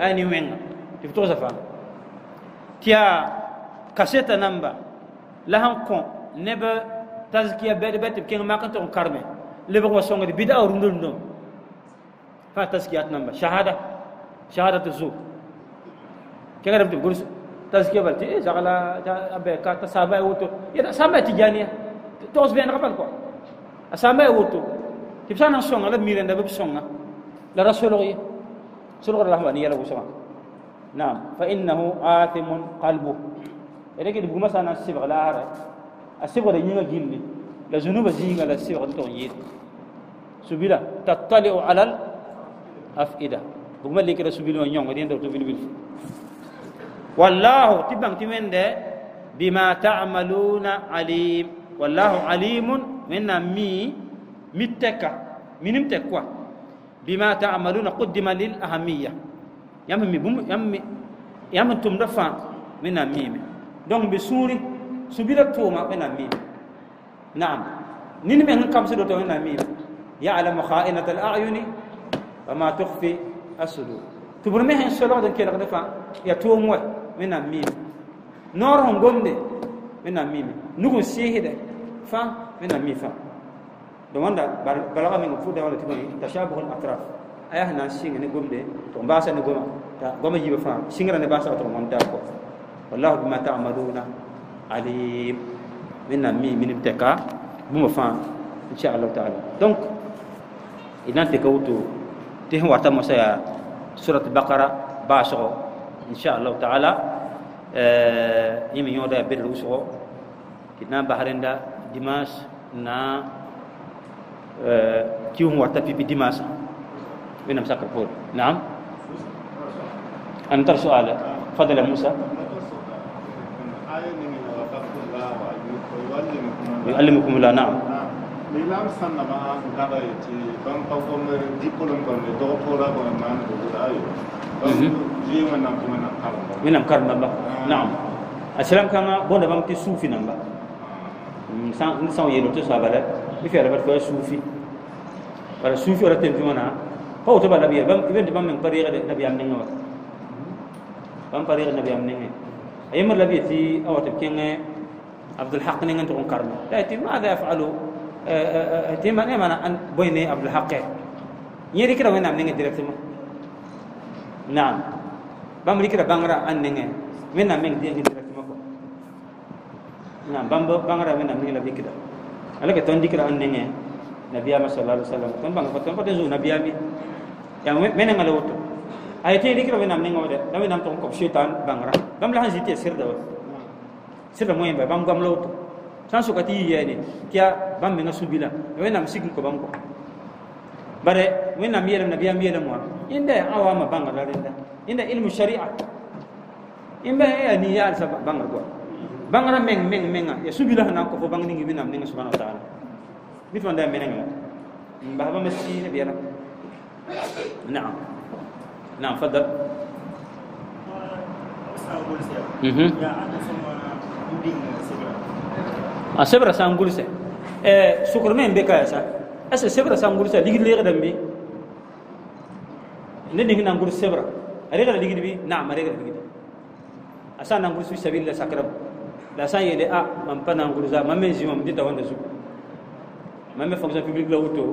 aya ni wenga za fa tia kaseta namba la han kon neba tazkiya bede bete ken makanto karme lebe ko songa di bid'a rundul no fa tazkiyat namba shahada shahada tu zu kenga dum tib gurus tazkiya balti e zagala abe ka tasaba wuto ya samba tijaniya tos ben rabal ko asamba wuto tibsana songa la mirenda bab songa la rasulullah الله أن لو سمع نعم فإنه آثم قلبه إذا كنت بقول مثلا السبغ لا أرى السبغ ده ينجا جيلي لا ذنوب زينجا لا السبغ ده تغيير سبيلا تطلع على الأفئدة بقول مالي كده سبيلا ينجا ودين ده تبيل بيل والله تبان تمين ده بما تعملون عليم والله عليم من مي متكا من متكوا بما تعملون قدم للأهمية يامي بم يامي يمي تم دفع من الميم دون بسوري سبيل توما من الميم نعم نين من كم سدوت من الميم يعلم خائنة الأعين وما تخفي الصدور تبرمه إن شاء الله دن كلا دفع يتوم من الميم نورهم قمد من الميم نقول سيهد فا من الميم فا دومندا بلغه من فودا ولا تبني تشابه الاطراف ايا هنا سين ني غومدي تو باسا ني غوما تا غوما يبا فا سينغرا ني باسا تو مون داكو والله بما تعملون عليم من مي من بتكا بما فا ان شاء الله تعالى دونك اذا تكوتو تهم واتا مسا سوره البقره باسو ان شاء الله تعالى ا يمي يودا بيدلوسو كنا بحرندا ديماس na kiungo آه، wata في dimasa بين msaka pole نعم antar suala فضل موسى يعلمكم الله نعم لام نعم أسلام نعم. كنا بون بام تسوفي نبا سان سان يلوتو سابلا بكرة بات كوي سوفي بار سوفي ولا تنفي منا هو تبع النبي بام بن بن من طريق النبي عم نينغ بام طريق النبي عم أي ايما النبي تي او تبكين عبد الحق نينغ تكون كارلو لا تي ماذا يفعلوا تي ما تيما انا ان بيني عبد الحق يري كده وين عم نينغ ديريكتوم نعم بام كده بانغرا ان نينغ وين عم نينغ ديريكتوم نعم بام بانغرا وين عم نينغ لا بيكده ala ke tõnd dikra n nengẽ nabiyaamã sala sallallahu alaihi wasallam bãng bang pa tõe zu nabiyaame yaa ya nengã la woto a yetɩ dikra wẽnnaam nengã wdɛ la wẽnnaam tʋg n kõb shetan bãngra bãmb la sẽn zĩ tɩ ya sɩrda wa sɩda moẽmba bãmb goam la woto sã n soka tɩ yɩ yɛɛne tɩ yaa bãmb menga sũ-bilã wẽnnaam sig n kõ bãmb bare wẽnnaam yeelame nabiyaam yeelame wã ẽnda yaa ã waama bãngra la inda ẽnda ilmu sharia ẽn ya yaa nin yaa alsa bãngrg bangara meng meng menga ya subilah na ko bang ningi binam ninga subhanahu wa ta'ala mi fanda menenga mbahaba masi ne biara na'am na'am fadal mhm ya sebra a sebra eh sukur men beka ya sa asa sebra sangulse ligi lege dambi ne dingi nangur sebra are ga ligi bi na'am are ga ligi asa nangur su bilda sakrab Ah, la sã n a mam pa na n gurza mam me zĩ mam dɩta wande zugu mam me fonction publique la woto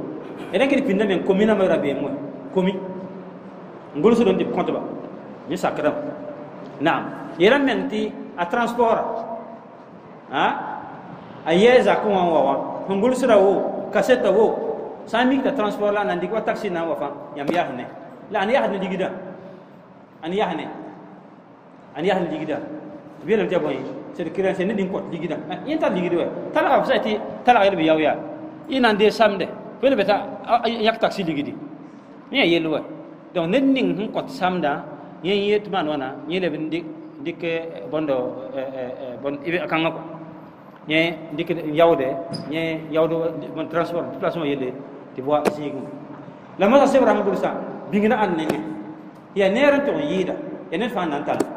d rẽkd pĩnda me n komi nama ra beem wã komi n su don tɩ b ba yẽ sakram naam yeran men ti a transporta a yɛɛ zakẽ wã n wa wã n gʋlsra wo kasɛta wo sã n transport la n na taxi na n wa fã yãmb yas ne la n yas ne an n yas ne n yas ne ligdã biyele bi jabon c'est kiran din nidin kot ligida yin ta ligido tala ka fsati tala ka bi yawya ina nde samde bele beta yak taxi ligidi ni yelu wa donc nidin hun kot samda yin yet man wana yele bi dik dik bondo bon ibe akanga ko nye dikke yawde nye yawdo mon transport déplacement de ti bo sigu la ma sa sebra mo dursa bingina an ne ya neeran to yida ya fa nan tala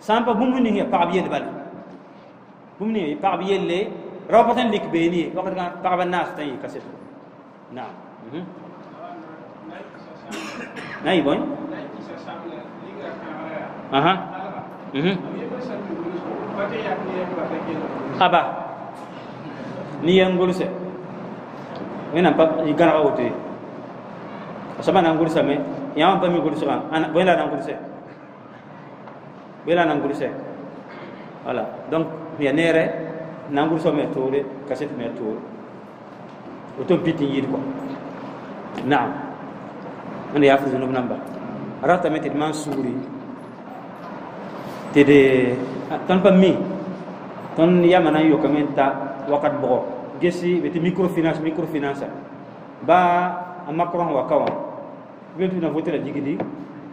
sãn pa bũmb ning ya pagb yel bala bũmb ning pagb yelle rao pa tẽn lik beene ye wakat gã pagba naas naam na yɩ bõe aha mhm. aba ni yang gʋlsɛ wẽnnaam pa y gãnega woto ye a soaba na n gʋlsame yãwã pa mi gʋlsgã bõe la na n bela nanguri se wala donc ya nere nanguri so me tore kaset me tore oto biti yid ko na'am ana ya fuzu num namba arata meti man suri tede ah, tan pa mi ton ya manan yo kamenta wakat bo gesi beti microfinance microfinance ba amakron kawon bintu na voter jigidi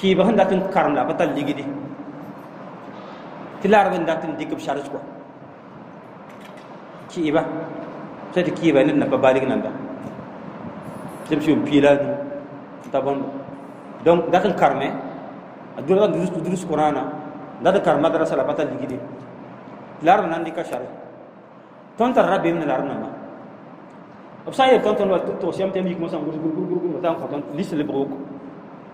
kiiba sẽn dat n karem la pa tall ligdi tɩ larb n dat n dɩk b sarɩs kɔ kiiba sã tɩ kiiba ned na pa balg nanda tɩ b sɩm piila nu t'a bõndo donc dat n karme a dʋlga durus qurãana dat n karem madrasa la pa tall ligdi larb nan dɩka sarɩs tõnd tara ra beem ne larb nãma b sã n yel tõnd tõnd wa tʋgs yam tɩ yam yik mosã gʋrgʋrgʋrgʋ t'a n kõ lis lebg woko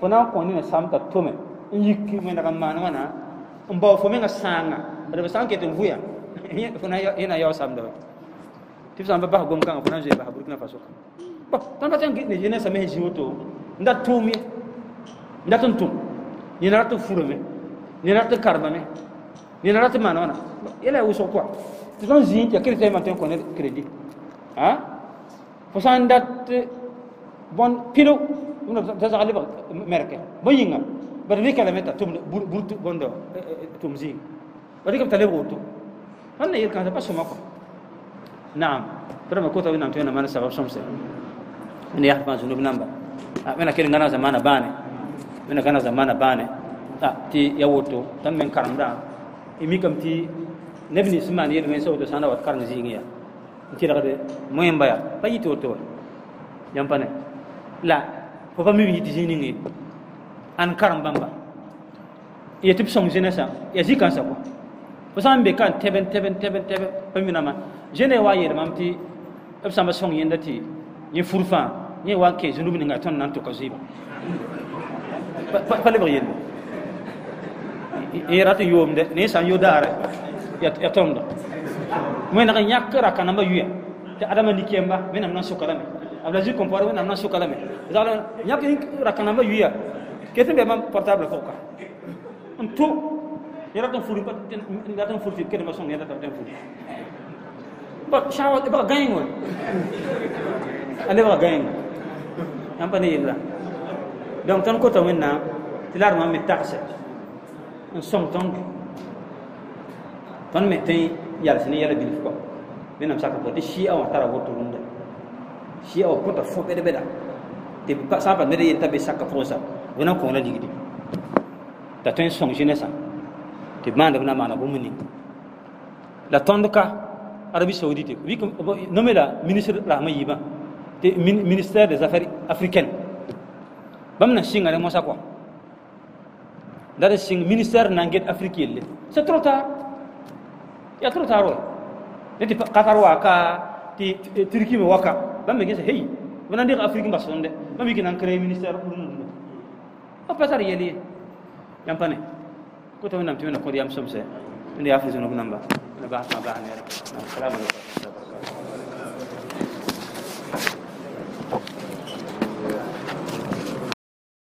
fo na n kõ ne sam t'a tome n yik wẽndg n maan wãna n bao fo meng sãanga d b sã n ket n vʋya yẽna yao samda wa tɩ b sã n pa bas gom-kãngã fo na n zoe basa burkina faso tõnd pa tõe n gɩt ne zĩ nensã mes zĩ woto n dat tʋʋm ye n dat n tʋm nina rat n furame nina rat n karbame nina rat n maan wãna yɛla ya wʋsg pʋa tɩ tõnd zĩ tɩ ya kiristɛmã tõe n kõ ne crédit fo sã n dat bõn pilo تزعل لبغ مركة بينغا بدري كلام تا توم بنت بندو توم زين بدري كم تلعب وتو هن يل كان تبص ما كم نعم ترى ما كنت أنا نام تينا ما نسبب شمسة من يحب ما زنوب أنا من أكيد غنا أنا بانه من غنا زمان بانه تي يوتو تم من كرم دا إمي تي نبني سمان يل من سوتو سانا وتكرم زينيا تي لقد مهم بيا لا pa mi yɩ tɩ zĩ ninge an karem bãmba ya tɩ b sõng zenesã ya zĩ-kãnsã kɔ fo sã n be ka tɛbn tɛbn tɛbn tɛb pa minãma zene wa yeele mam tɩ b sãmba sõng yẽnda tɩ yẽ fur fãa yẽ wa n kee zũnub ninga tõnd na n tʋka zoɩba pa lebg yelle yẽ rat yoomdɛ ne sã n yo daarɛ ya tõmda wẽneg n yãk raka nãmba yʋa tɩ adama nik-yɛmba wẽnnaam na n sʋka rame abdulaziz compore wẽnnaam na sʋka lame zagl yãk raka nãmbã yuya ket n que mam portable pʋgka n tʋ yẽ rat n fur rat n fur tɩ b kedmã sõng yẽ rat n fur sawa bga gãeng we a lebga gãeng yãmb pa ne yella donc tõnd kota wẽnnaam tɩ la d mam me tagsa n sõng tõnd tõnd me tõe yals ne yɛla bilf kɔ wẽnnaam sakã pʋgẽ tɩ sɩ a wã tara woto rũndã shi awa punta fo beda beda te ka sa pa mede yenta be saka fosa wona ko na digidi ta ton song jinesa te manda na mana bo muni la ka arabie saoudite wi ko nommé la ministre rahma yiba te ministère des affaires africaines bamna singa le mosa quoi dara sing ministère nanget africain, c'est trop tard il y a trop tard ouais neti qatar wa ka ti turki me waka ba me gese hey wana ndi afrique mba sonde ba mi kinan créer ministère pour nous o pasar yeli yam pane ko to nam timena ko yam somse ndi afrique no namba na ba ma ba ne assalamu alaikum